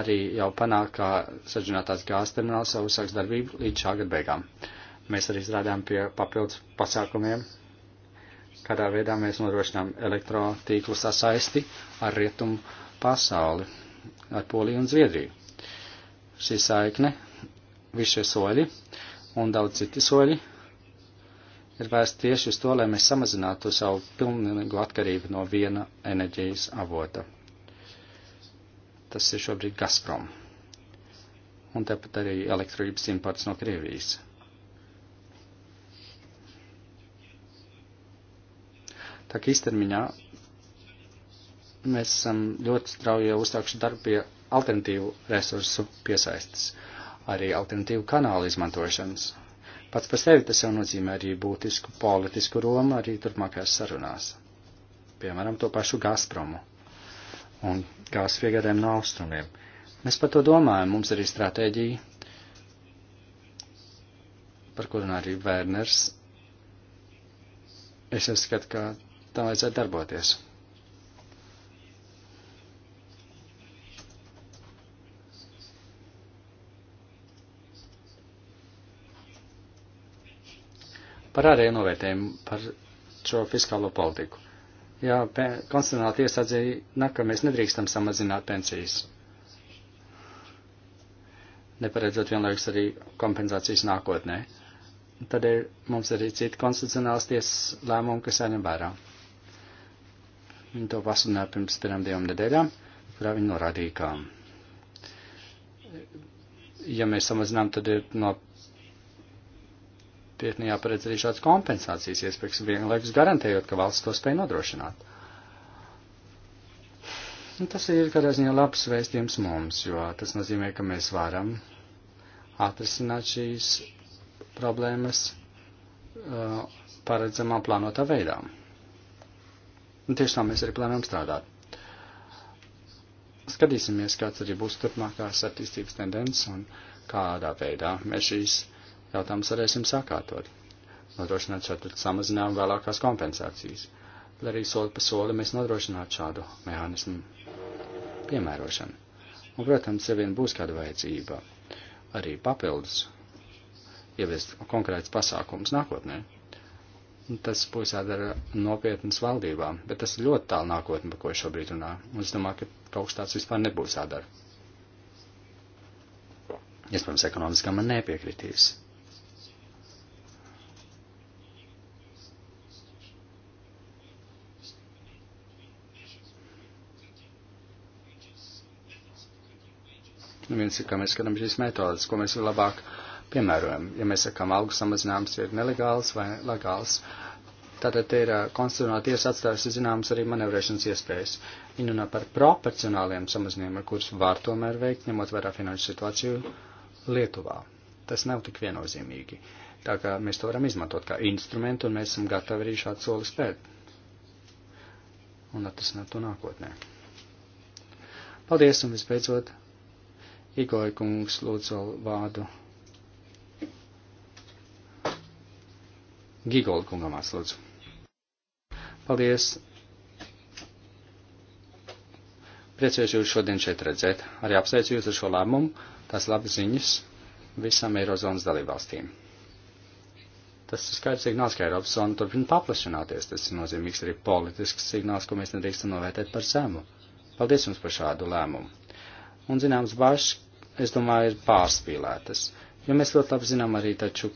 arī jau panākt, ka saģinātās gāzes termināls jau uzsāks darbību līdz šā gada beigām. Mēs arī strādājam pie papildus pasākumiem, kādā veidā mēs nodrošinām elektrotīklu sasaisti ar rietumu pasauli, ar Poliju un Zviedriju. Šī saikne, visi šie soļi un daudz citi soļi ir vērsti tieši uz to, lai mēs samazinātu savu pilnīgu atkarību no viena enerģijas avota. Tas ir šobrīd Gazprom. Un tāpat arī elektrības imports no Krievijas. Tā kā īstermiņā mēs esam ļoti strauji uzsākuši darbu pie alternatīvu resursu piesaistes. Uh, arī alternatīvu kanālu izmantošanas. Pats par sevi tas jau nozīmē arī būtisku politisku lomu arī turpmākajās sarunās. Piemēram, to pašu Gazpromu un gāzes piegādēm no austrumiem. Mēs par to domājam, mums arī stratēģija, par kuru runā arī Vērners. Es uzskatu, ka tā vajadzētu darboties. Par ārēju novērtējumu, par šo fiskālo politiku. Jā, konstitucionāla tiesa atzīja, ka mēs nedrīkstam samazināt pensijas. Neparedzot vienlaikus arī kompensācijas nākotnē. Tad ir, mums arī citi konstitucionāls tiesas lēmumi, kas arī vērā. Viņi to pasunāja pirms pirmām divām nedēļām, kurā viņi norādīja, ka ja mēs samazinām, tad ir no pietnī jāparedz arī šāds kompensācijas iespējas, vienlaikus garantējot, ka valsts to spēj nodrošināt. Un nu, tas ir kādā ziņā labs vēstījums mums, jo tas nozīmē, ka mēs varam atrisināt šīs problēmas uh, paredzamā plānotā veidā. Un tieši tā mēs arī plānojam strādāt. Skatīsimies, kāds arī būs turpmākās attīstības tendence un kādā veidā mēs šīs jautājumus varēsim sakārtot, nodrošināt šādu samazinājumu vēlākās kompensācijas, lai arī soli pa soli mēs nodrošinātu šādu mehānismu piemērošanu. Un, protams, ja vien būs kāda vajadzība arī papildus ieviest konkrēts pasākums nākotnē, tas būs jādara nopietnas valdībām, bet tas ir ļoti tālu nākotni, par ko es šobrīd runāju. Un es domāju, ka kaut kas tāds vispār nebūs jādara. Iespējams, ekonomiski man nepiekritīs. viens ir, kā mēs skatām šīs metodas, ko mēs labāk piemērojam. Ja mēs sakām, algu samazinājums ir nelegāls vai legāls, tātad te ir konstitucionāla tiesa atstājusi zināmas arī manevrēšanas iespējas. Viņa runā par proporcionāliem samazinājumiem, kurus var tomēr veikt, ņemot vērā finanšu situāciju Lietuvā. Tas nav tik viennozīmīgi. Tā kā mēs to varam izmantot kā instrumentu, un mēs esam gatavi arī šādu soli spēt un atrisināt to nākotnē. Paldies, un visbeidzot, Igoja kungs lūdzu vēl vādu. Gigolda kungam atslūdzu. Paldies! Priecājos jūs šodien šeit redzēt. Arī apsveicu jūs ar šo lēmumu. Tās labas ziņas visām Eirozonas dalībvalstīm. Tas ir skaidrs signāls, ka Eiropas zona turpina paplašināties. Tas ir nozīmīgs arī politisks signāls, ko mēs nedrīkstam novērtēt par zemu. Paldies jums par šādu lēmumu. Un zināms bažas, es domāju, ir pārspīlētas. Jo mēs ļoti labi zinām arī taču,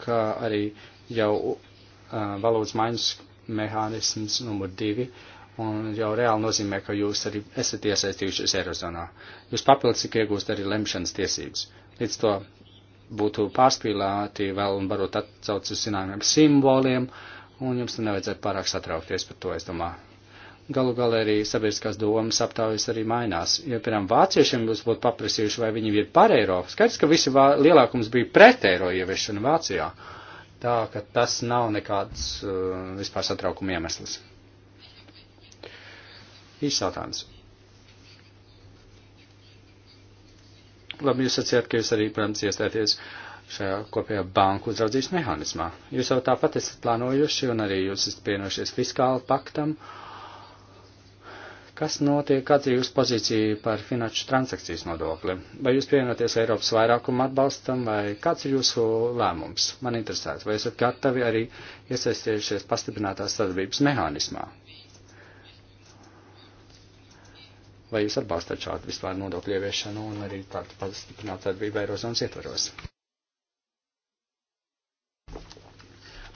ka arī jau uh, valodas maiņas mehānisms numur divi un jau reāli nozīmē, ka jūs arī esat iesaistījušies Eirozonā. Jūs papildus tik iegūst arī lemšanas tiesības. Līdz to būtu pārspīlēti vēl un varot atcaucis zināmiem simboliem, un jums nevajadzētu pārāk satraukties par to, es domāju. Galu galā arī sabiedriskās domas aptaujas arī mainās. Ja, piemēram, vāciešiem jūs būtu paprasījuši, vai viņi ir par eiro, skaidrs, ka visi vā, lielākums bija pret eiro ieviešanu Vācijā. Tā, ka tas nav nekāds uh, vispār satraukuma iemesls. Īsts jautājums. Labi, jūs sacījāt, ka jūs arī, protams, iestāties šajā kopējā banku uzraudzības mehānismā. Jūs jau tāpat esat plānojuši un arī jūs esat pienojušies fiskāla paktam. Uh, Kas notiek, kāds ir jūsu pozīcija par finanšu transakcijas nodokli? Vai jūs pievienoties Eiropas vairākuma atbalstam, vai kāds ir jūsu lēmums? Man interesētu, vai esat gatavi arī iesaistījušies pastiprinātās sadarbības mehānismā? Vai jūs atbalstat šādu vispār nodokļu ieviešanu un arī tādu pastiprinātu sadarbību Eirozonas ietvaros?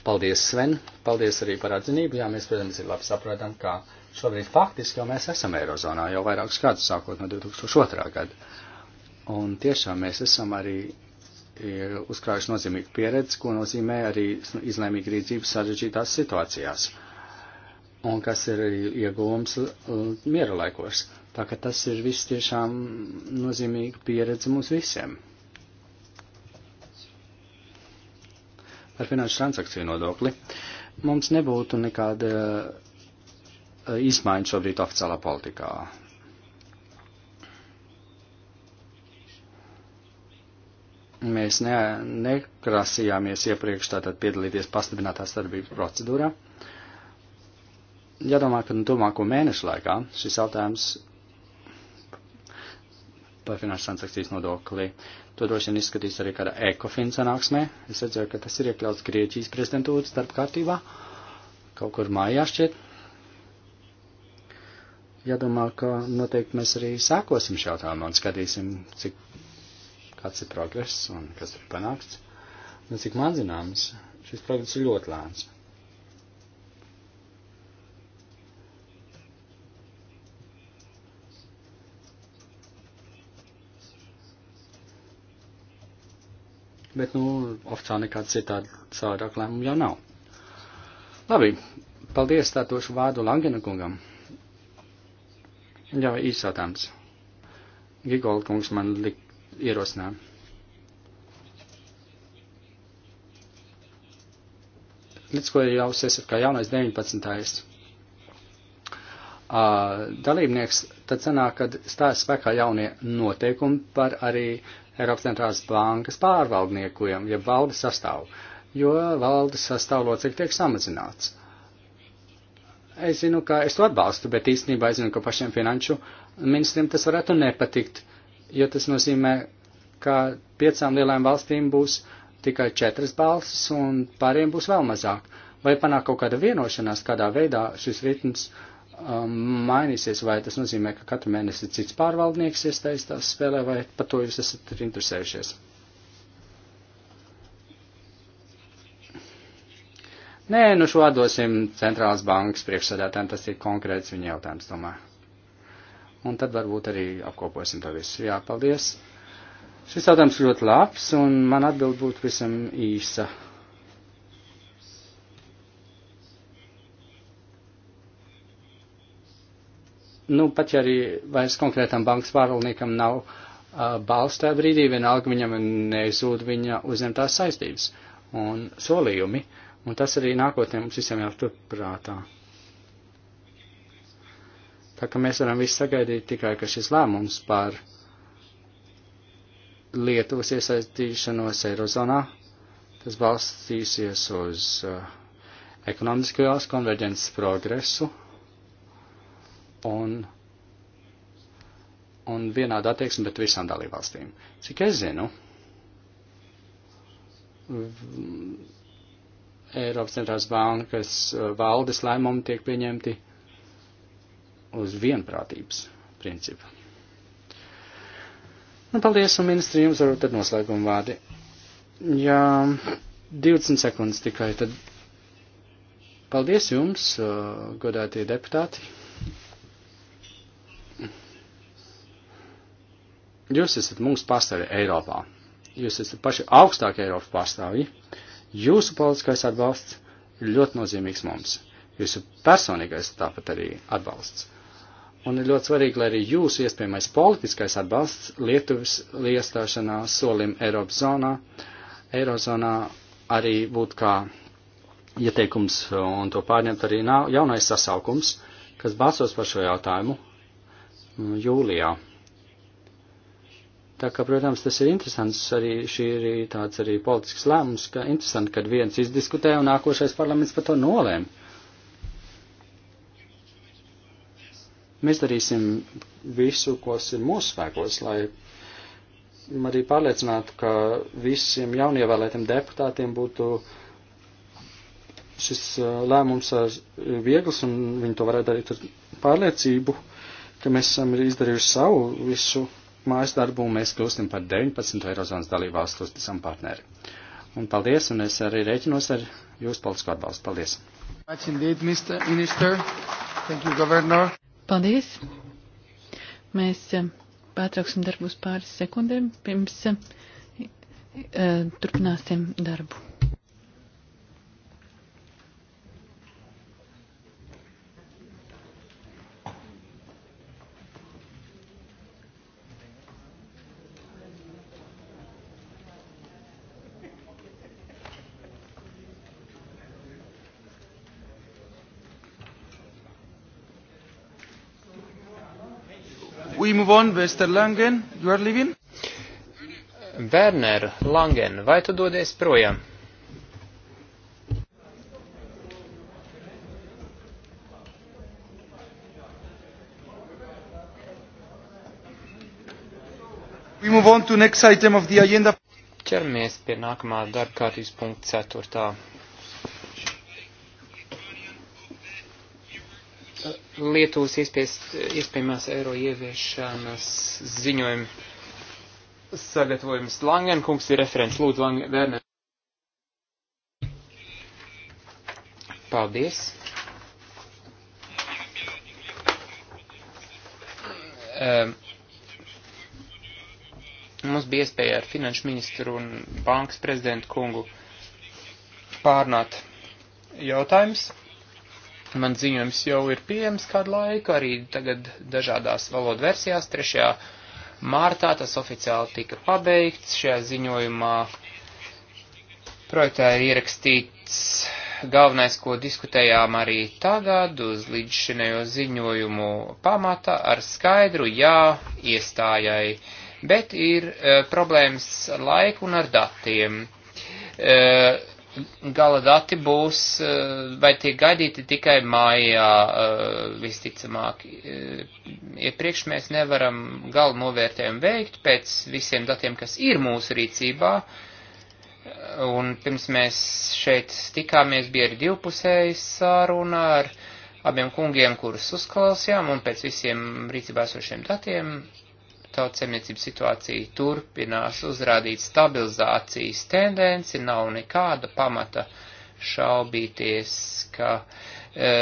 Paldies, Sven! Paldies arī par atzinību. Jā, mēs, protams, ir labi saprotam, ka. Kā Šobrīd faktiski jau mēs esam Eirozonā jau vairākus gadus, sākot no 2002. gada. Un tiešām mēs esam arī e, uzkrājuši nozīmīgu pieredzi, ko nozīmē arī izlēmīga rīcība sarežģītās situācijās. Un kas ir arī ieguvums e, miera laikos. Tā ka tas ir viss tiešām nozīmīga pieredze mums visiem. Par finanšu transakciju nodokli. Mums nebūtu nekāda Eh, izmaiņas šobrīd oficiālā politikā. Mēs ne, nekrasījāmies iepriekš tātad piedalīties pastiprinātā sadarbības procedūrā. Jādomā, ka nu, turmāko mēnešu laikā šis jautājums par finanšu transakcijas nodokli. To droši vien izskatīs arī kāda ekofin sanāksmē. Es redzēju, ka tas ir iekļauts Grieķijas prezidentūras starp kārtībā, kaut kur mājā šķiet jādomā, ka noteikti mēs arī sākosim šo jautājumu un skatīsim, cik, kāds ir progress un kas ir panākts. Nu, cik man zināms, šis progress ir ļoti lēns. Bet, nu, oficiāli nekāda citāda savādāk lēmuma jau nav. Labi, paldies tātošu vārdu Langena kungam. Ļauj īsātāms. Gigolda kungs man lik ierosināja. Līdz ko jau esat kā jaunais 19. Uh, dalībnieks, tad sanāk, kad stājas spēkā jaunie noteikumi par arī Eiropas centrālās bankas pārvaldniekiem, ja valdes sastāvu, jo valdes sastāvu locekļi tiek samazināts. Uh, Es zinu, ka es to atbalstu, bet īstenībā es zinu, ka pašiem finanšu ministriem tas varētu nepatikt, jo tas nozīmē, ka piecām lielām valstīm būs tikai četras balsis un pāriem būs vēl mazāk. Vai panāk kaut kāda vienošanās, kādā veidā šis ritms um, mainīsies, vai tas nozīmē, ka katru mēnesi cits pārvaldnieks iesaistās spēlē, vai par to jūs esat interesējušies? Nē, nu šo atdosim centrālās bankas priekšsēdētājiem, tas ir konkrēts viņa jautājums, domāju. Un tad varbūt arī apkoposim to visu. Jā, paldies. Šis jautājums ļoti labs, un man atbild būtu visam īsa. Nu, pat ja arī vairs konkrētam bankas pārvaldniekam nav uh, balsts tajā brīdī, vienalga viņam nezūd viņa uzņemtās saistības un solījumi. Uh, Un tas arī nākotnē mums visiem jāaptur prātā. Tā ka mēs varam visu sagaidīt tikai, ka šis lēmums par Lietuvas iesaistīšanos Eirozonā, tas balstīsies uz uh, ekonomiskajās konverģences progresu un, un vienādu attieksmi pret visām dalībvalstīm. Cik es zinu, Eiropas centrās bankas uh, valdes lēmumi tiek pieņemti uz vienprātības principu. Nu, un paldies, un ministri, jums varbūt tad noslēguma vārdi. Jā, 20 sekundes tikai, tad paldies jums, uh, godātie deputāti. Jūs esat mūsu pārstāvi Eiropā. Jūs esat paši augstākie Eiropas pārstāvji. Ja? Jūsu politiskais atbalsts ir ļoti nozīmīgs mums. Jūsu personīgais tāpat arī atbalsts. Un ir ļoti svarīgi, lai arī jūsu iespējamais politiskais atbalsts Lietuvas iestāšanā solim Eiropas zonā, Eirozonā arī būtu kā ieteikums un to pārņemt arī jaunais sasaukums, kas balsos par šo jautājumu jūlijā. Tā kā, protams, tas ir interesants arī, šī ir tāds arī politisks lēmums, ka interesanti, kad viens izdiskutē un nākošais parlaments par to nolēm. Mēs darīsim visu, kas ir mūsu spēkos, lai arī pārliecinātu, ka visiem jaunievēlētiem deputātiem būtu šis uh, lēmums viegls un viņi to varētu darīt ar pārliecību, ka mēs esam izdarījuši savu visu mājas darbu, mēs kļūstam par 19 Eirozonas dalībvalstu uzticam partneri. Un paldies, un es arī rēķinos ar jūsu politisko atbalstu. Paldies! Indeed, Mr. Minister. Thank you, Governor. Paldies! Mēs eh, pārtrauksim darbus pāris sekundēm, pirms uh, turpināsim darbu. we move on, Mr. Langen, you are leaving? Werner Langen, vai tu dodies projām? We move on to next item of the agenda. Ķeramies pie nākamā darba kārtības punkta ceturtā Lietuvas iespējas, iespējamās eiro ieviešanas ziņojuma sagatavojums. Langenkungs ir referents. Lūdzu, Langen. Paldies. Um, mums bija iespēja ar finanšu ministru un bankas prezidentu kungu pārnāt jautājumus. Man ziņojums jau ir pieejams kādu laiku, arī tagad dažādās valodu versijās. 3. mārtā tas oficiāli tika pabeigts. Šajā ziņojumā projektā ir ierakstīts galvenais, ko diskutējām arī tagad uz līdzšinējo ziņojumu pamata ar skaidru jā iestājai, bet ir e, problēmas ar laiku un ar datiem. E, gala dati būs, eh, vai tiek gaidīti tikai mājā, eh, visticamāk. Eh, iepriekš mēs nevaram galu novērtējumu veikt pēc visiem datiem, kas ir mūsu rīcībā. Un pirms mēs šeit tikāmies, bija arī divpusējas sāruna ar abiem kungiem, kurus uzklausījām, un pēc visiem rīcībā esošiem datiem tautsemniecības situācija turpinās uzrādīt stabilizācijas tendenci, nav nekāda pamata šaubīties, ka e,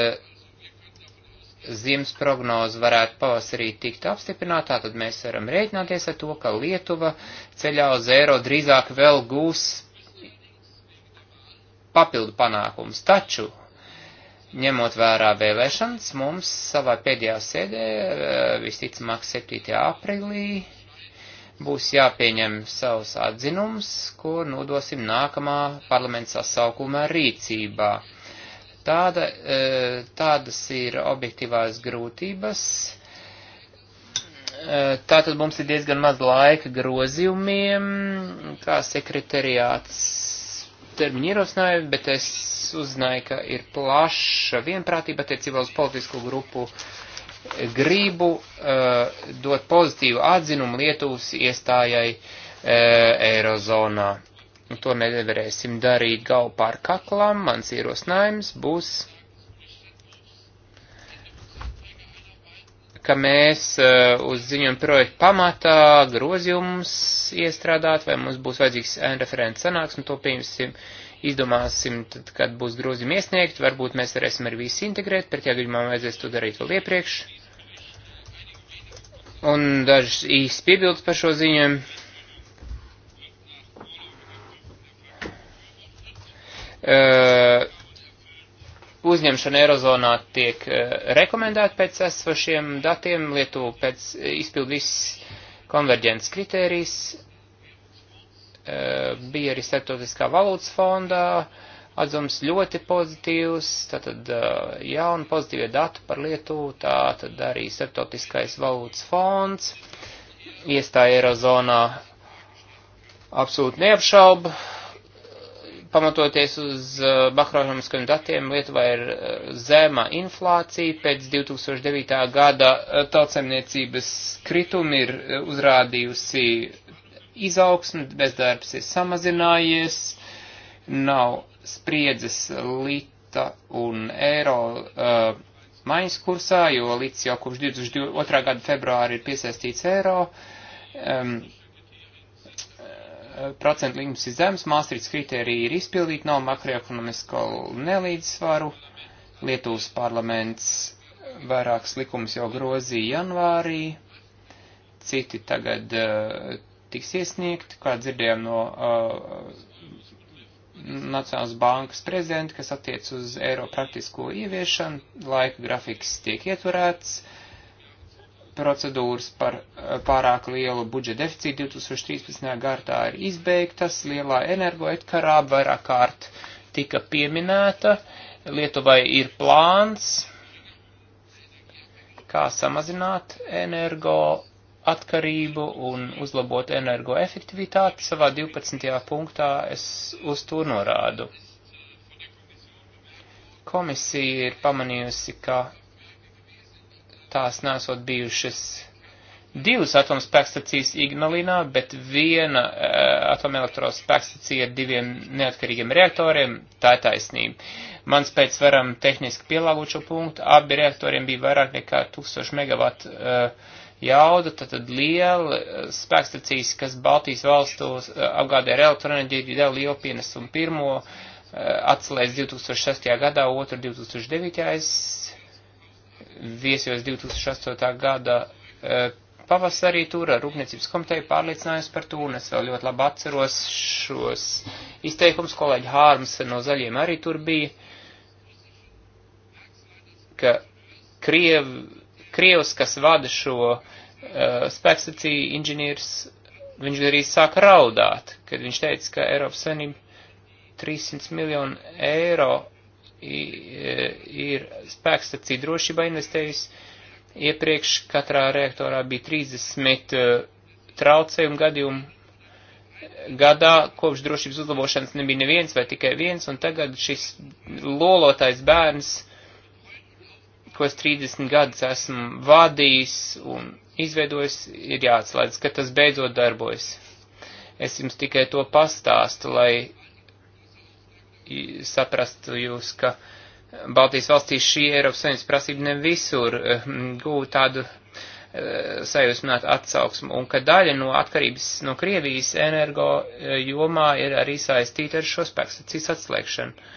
ziemas prognoze varētu pavasarī tikt apstiprinātā, tad mēs varam rēķināties ar to, ka Lietuva ceļā uz eiro drīzāk vēl gūs papildu panākums. Taču Ņemot vērā vēlēšanas, mums savā pēdējā sēdē, eh, visticamāk 7. aprīlī, būs jāpieņem savs atzinums, ko nodosim nākamā parlamenta sasaukumā rīcībā. Tāda, eh, tādas ir objektīvās grūtības. Eh, tātad mums ir diezgan maz laika grozījumiem, kā sekretariāts termiņu ierosināja, bet es es uzzināju, ka ir plaša vienprātība attiecībā uz politisko grupu gribu uh, dot pozitīvu atzinumu Lietuvas iestājai uh, Eirozonā. Un to nevarēsim darīt galvu pār kaklam. Mans ierosinājums būs, ka mēs uh, uz ziņojumu projektu pamatā grozījumus iestrādāt, vai mums būs vajadzīgs referents sanāks, un to pieņemsim uh, izdomāsim, tad, kad būs grozījumi iesniegt, varbūt mēs varēsim arī visu integrēt, pretējā gadījumā vajadzēs to darīt vēl iepriekš. Un dažas īsts piebildes par šo ziņojumu. Uh, uzņemšana Eirozonā tiek uh, rekomendēta pēc esošiem datiem, Lietuva pēc uh, izpild viss konverģents kritērijs, bija arī starptautiskā valūtas fondā atzums ļoti pozitīvs, tātad jauni pozitīvie dati par Lietuvu, tātad arī starptautiskais valūtas fonds, iestāja Eirozonā absolūti neapšauba, pamatoties uz makroekonomiskiem datiem, Lietuvā ir zemā inflācija, pēc 2009. gada tautsemniecības kritumi ir uzrādījusi izaugsme, bezdarbs ir samazinājies, nav spriedzes lita un eiro uh, maiņas kursā, jo līdz jau kopš 22. gada februāra ir piesaistīts eiro. Um, uh, procentu līgums ir zems, māstrīts kriteriji ir izpildīti, nav makroekonomisko nelīdzsvaru. Lietuvas parlaments vairākas likumus jau grozīja janvārī, citi tagad uh, tiks iesniegti, kā dzirdējām no uh, Nacionālas bankas prezidenta, kas attiec uz eiro praktisko ieviešanu, laika grafiks tiek ietverēts, procedūras par uh, pārāk lielu budžeta deficītu 2013. gadā ir izbeigtas, lielā energoetkarā vairāk kārt tika pieminēta, Lietuvai ir plāns, kā samazināt energo atkarību un uzlabot energoefektivitāti. Savā 12. punktā es uz to norādu. Komisija ir pamanījusi, ka tās nesot bijušas divas atomspēkstacijas Ignalinā, bet viena uh, atomelektrospēkstacija ar diviem neatkarīgiem reaktoriem, tā ir taisnība. Mans pēc varam tehniski pielāgot šo punktu, abi reaktoriem bija vairāk nekā 1000 MW uh, jauda, tad, tad liela eh, spēkstacijas, kas Baltijas valstos eh, apgādē ar elektroenerģiju, deva lielu pienesumu pirmo eh, atcelēs 2006. gadā, otru 2009. Es viesojos 2008. gada pavasarī tur ar Rūpniecības komiteju pārliecinājos par to, un es vēl ļoti labi atceros šos izteikums, kolēģi Hārms no zaļiem arī tur bija, ka Krievi Krievs, kas vada šo uh, eh, spēkstaciju inženieris, viņš arī sāka raudāt, kad viņš teica, ka Eiropas Savienība 300 miljonu eiro eh, ir spēkstacija drošībā investējusi. Iepriekš katrā reaktorā bija 30 eh, traucējumu gadījumu gadā, kopš drošības uzlabošanas nebija neviens vai tikai viens, un tagad šis lolotais bērns ko es 30 gadus esmu vadījis un izveidojis, ir jāatslēdz, ka tas beidzot darbojas. Es jums tikai to pastāstu, lai saprastu jūs, ka Baltijas valstīs šī Eiropas Savienības prasība ne visur eh, gūta tādu eh, sajūsmināt atsauksmu, un ka daļa no atkarības no Krievijas energo eh, jomā ir arī saistīta ar šo spēku sacīs atslēgšanu.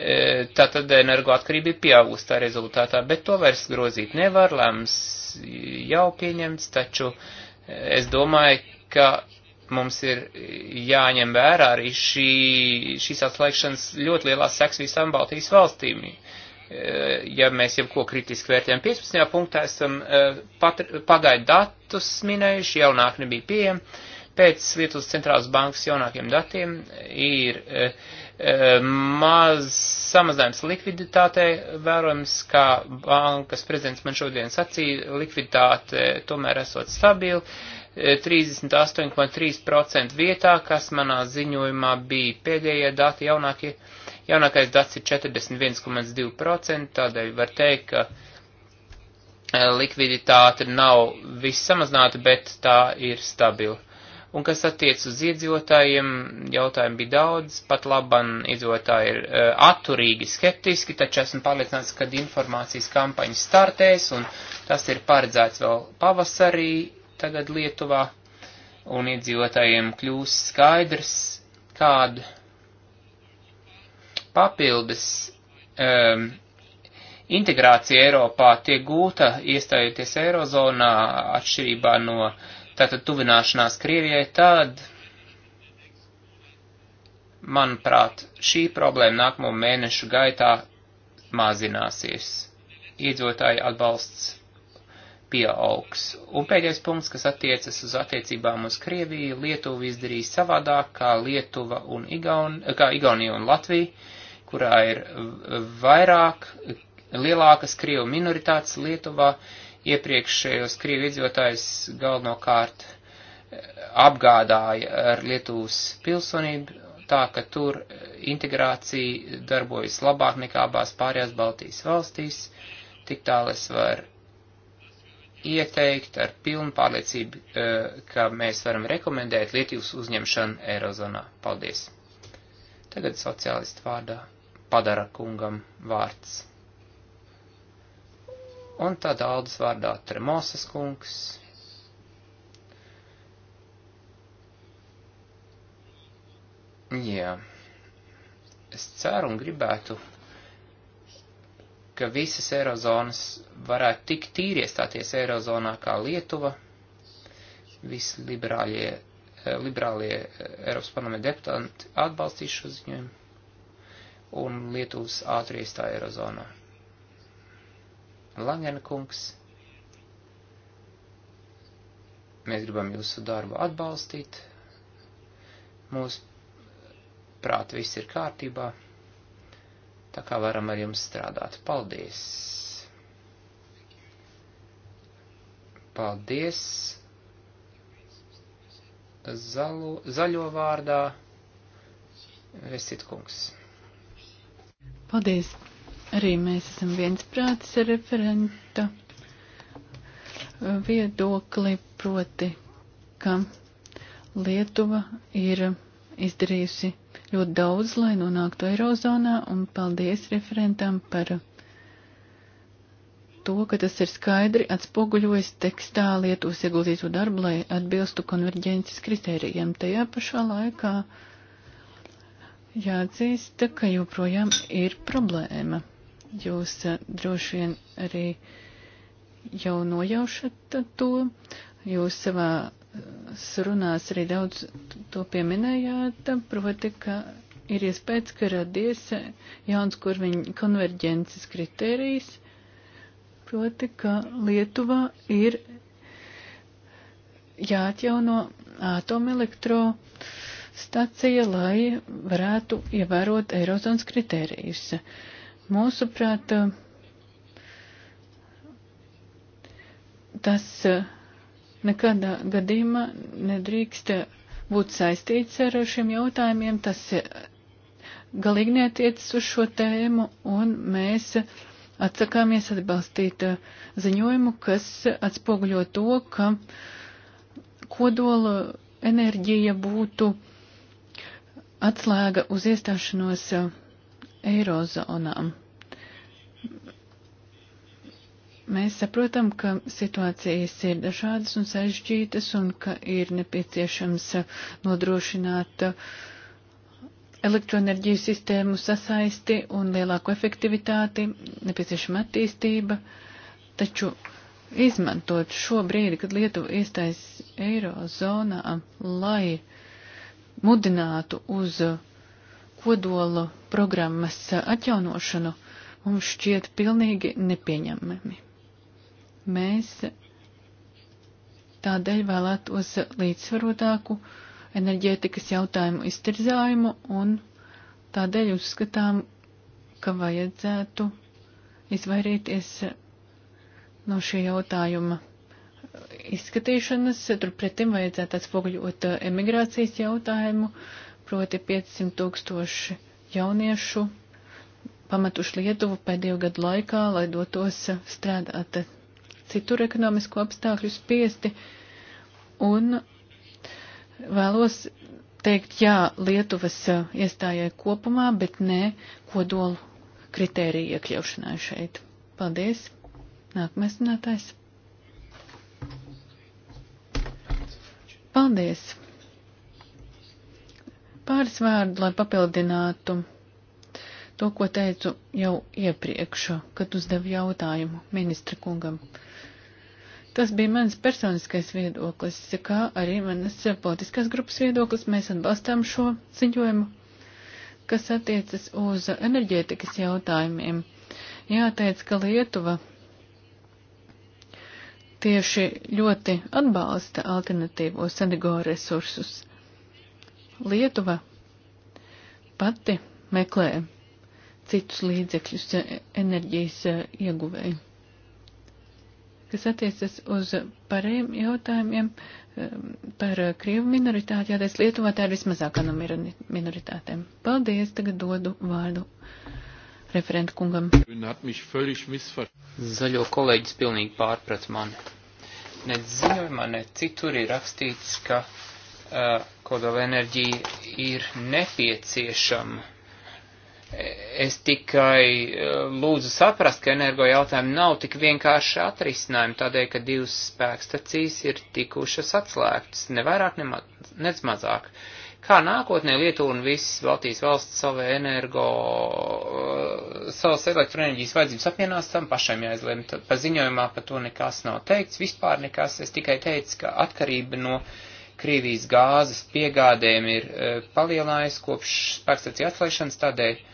E, tātad energoatkarība ir pieaugusi tā rezultātā, bet to vairs grozīt nevar, lēms jau pieņemts, taču e, es domāju, ka mums ir jāņem vērā arī šī, šīs atslēgšanas ļoti lielās seks visām Baltijas valstīm. E, ja mēs jau ko kritiski vērtējam 15. punktā, esam pat, pagaidu datus minējuši, jaunāk nebija pieejami Pēc Lietuvas centrālas bankas jaunākiem datiem ir e, e, maz samazinājums likviditātei vērojams, kā bankas prezidents man šodien sacīja, likviditāte tomēr esot stabila. 38,3% eh, vietā, kas manā ziņojumā bija pēdējie dati jaunākie. Jaunākais dats ir 41,2%, tādēļ var teikt, ka likviditāte nav viss samazināta, bet tā ir stabila. Un kas attiec uz iedzīvotājiem, jautājumi bija daudz, pat laban iedzīvotāji ir uh, atturīgi, skeptiski, taču esmu pārliecināts, ka informācijas kampaņa startēs, un tas ir paredzēts vēl pavasarī tagad Lietuvā, un iedzīvotājiem kļūs skaidrs, kādu papildus um, integrācija Eiropā tiek gūta, iestājoties Eirozonā, atšķirībā no tātad tuvināšanās Krievijai, tad, manuprāt, šī problēma nākamo mēnešu gaitā mazināsies. Iedzotāju atbalsts pieaugs. Un pēdējais punkts, kas attiecas uz attiecībām uz Krieviju, Lietuva izdarīja savādāk kā Lietuva un Igaun, kā Igaunija un Latvija, kurā ir vairāk lielākas Krievu minoritātes Lietuvā. Iepriekšējos Krievu iedzīvotājus galvenokārt eh, apgādāja ar Lietuvas pilsonību, tā ka tur eh, integrācija darbojas labāk nekā abās pārējās Baltijas valstīs. Tik tālu es varu ieteikt ar pilnu pārliecību, eh, ka mēs varam rekomendēt Lietuvas uzņemšanu Eirozonā. Paldies! Tagad sociālistu vārdā padara kungam vārds. Un tad Aldis vārdā Tremosas kungs. Jā. Es ceru un gribētu, ka visas Eirozonas varētu tik tīri iestāties Eirozonā kā Lietuva. Visi liberālie, eh, liberālie eh, Eiropas parlamenta deputāti atbalstīs šo ziņojumu. Un Lietuvas ātri iestāja Eirozonā. Langenkungs. Mēs gribam jūsu darbu atbalstīt. Mūsu prāt viss ir kārtībā. Tā kā varam ar jums strādāt. Paldies! Paldies! Zalu, zaļo vārdā. Vesit kungs. Paldies! Arī mēs esam viensprātis ar referenta viedokli, proti, ka Lietuva ir izdarījusi ļoti daudz, lai nonāktu Eirozonā, un paldies referentam par to, ka tas ir skaidri atspoguļojis tekstā Lietuvas ieguldīto darbu, lai atbilstu konverģences kritērijiem. Tajā pašā laikā jāatzīst, ka joprojām ir problēma. Jūs eh, droši vien arī jau nojaušat to. Jūs savā eh, sarunās arī daudz to pieminējāt, proti, ka ir iespējas, ka radies eh, jauns kurviņu konverģences kritērijs, proti, ka Lietuvā ir jāatjauno atomelektrostacija, lai varētu ievērot Eirozonas kritērijus. Mūsuprāt, uh, tas uh, nekādā gadījumā nedrīkst būt saistīts ar šiem jautājumiem. Tas uh, galīgi netiecas uz šo tēmu, un mēs atsakāmies atbalstīt ziņojumu, kas atspoguļo to, ka kodola enerģija būtu atslēga uz iestāšanos eirozonām. Mēs saprotam, ka situācijas ir dažādas un sarežģītas un ka ir nepieciešams nodrošināt elektroenerģijas sistēmu sasaisti un lielāku efektivitāti, nepieciešama attīstība, taču izmantot šo brīdi, kad Lietuva iestājas eirozonā, lai mudinātu uz kodolu programmas atjaunošanu, mums šķiet pilnīgi nepieņemami. Mēs tādēļ vēlētos līdzsvarotāku enerģētikas jautājumu iztirzājumu un tādēļ uzskatām, ka vajadzētu izvairīties no šī jautājuma izskatīšanas, turpretim vajadzētu atspoguļot emigrācijas jautājumu, proti 500 tūkstoši jauniešu pametuši Lietuvu pēdējo gadu laikā, lai dotos strādāt citur ekonomisko apstākļu spiesti. Un vēlos teikt jā Lietuvas iestājai kopumā, bet nē kodolu kritēriju iekļaušanai šeit. Paldies! Nākamais runātājs. Paldies! Pāris vārdu, lai papildinātu to, ko teicu jau iepriekš, kad uzdevu jautājumu ministra kungam. Uh, Tas bija mans personiskais viedoklis, kā arī manas politiskās grupas viedoklis. Mēs atbalstām šo ziņojumu, kas attiecas uz enerģētikas jautājumiem. Jāteic, ka Lietuva tieši ļoti atbalsta alternatīvos energoresursus. Lietuva pati meklē citus līdzekļus enerģijas ieguvēju kas attiecas uz pārējiem jautājumiem um, par krievu minoritāti, jāteic Lietuvā tā ir vismazākā no minoritātēm. Paldies, tagad dodu vārdu referentu kungam. Zaļo kolēģis pilnīgi pārprat mani. Ne ziņojumā, ne citur ir rakstīts, ka uh, kodola enerģija ir nepieciešama Es tikai eh, lūdzu saprast, ka energo jautājumi nav tik vienkārši atrisinājumi, tādēļ, ka divas spēkstacijas ir tikušas atslēgtas, ne vairāk, ne, ma ne mazāk. Kā nākotnē Lietuva un visas Baltijas valsts savu energo, eh, savas elektroenerģijas vajadzības apvienās, tam pašam jāizlem. Tad paziņojumā par to nekas nav teikts, vispār nekas. Es tikai teicu, ka atkarība no. Krievijas gāzes piegādēm ir eh, palielinājusi kopš spēkstacija atslēgšanas, tādēļ uh,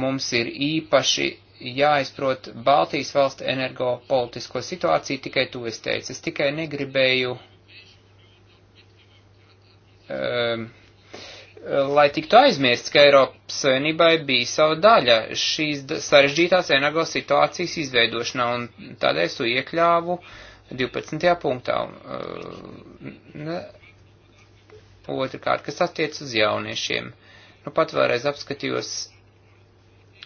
Mums ir īpaši jāizprot Baltijas valstu energopolitisko situāciju, tikai to es teicu. Es tikai negribēju, um, lai tiktu aizmirsts, ka Eiropas Savienībai bija sava daļa šīs sarežģītās energo situācijas izveidošanā, un tādēļ es to iekļāvu 12. punktā. Um, ehm, Otrakārt, kas attiec uz jauniešiem. Nu, pat vēlreiz apskatījos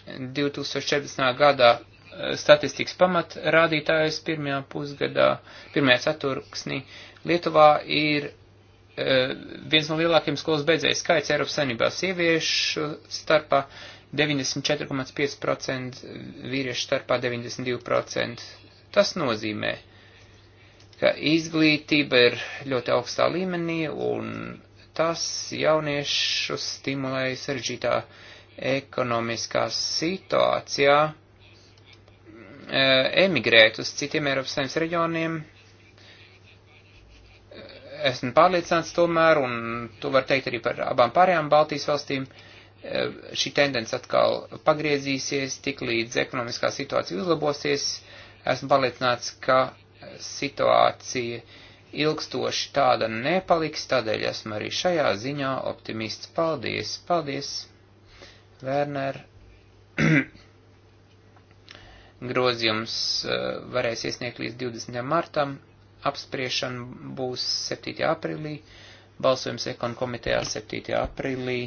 2014. gadā eh, statistikas pamatrādītājus pirmajā pusgadā, pirmajā ceturksnī Lietuvā ir eh, viens no lielākajiem skolas beidzēju skaits Eiropas saimnībā sieviešu starpā 94,5%, vīriešu starpā 92%. Tas nozīmē, ka izglītība ir ļoti augstā līmenī un tas jauniešus stimulēja sarežģītā uh, ekonomiskā situācijā e, emigrēt uz citiem Eiropas Savienības reģioniem. Esmu pārliecināts tomēr, un to var teikt arī par abām pārējām Baltijas valstīm, e, šī tendence atkal pagriezīsies, tik līdz ekonomiskā situācija uzlabosies. Esmu pārliecināts, ka situācija ilgstoši tāda nepaliks, tādēļ esmu arī šajā ziņā optimists. Paldies! Paldies! Werner. Grozījums eh, varēs iesniegt līdz 20. martam, apspriešana būs 7. aprīlī, balsojums ekon komitejā 7. aprīlī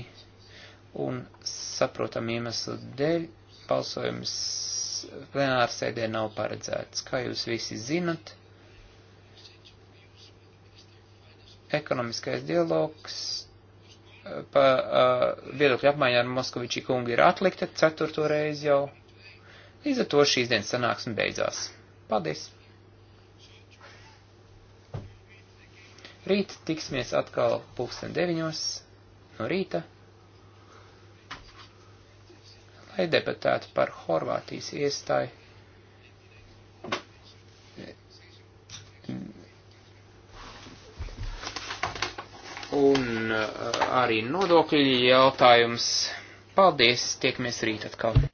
un saprotam iemeslu dēļ balsojums plenārsēdē nav paredzēts. Kā jūs visi zinat, ekonomiskais dialogs pa uh, viedokļu apmaiņā ar Moskoviči kungu ir atlikta ceturto reizi jau. Līdz ar to šīs dienas sanāksme beidzās. Paldies! Rīt tiksimies atkal pulksten deviņos no rīta, lai debatētu par Horvātijas iestāju un eh, arī nodokļu jautājums. Paldies, tiekamies rīt atkal.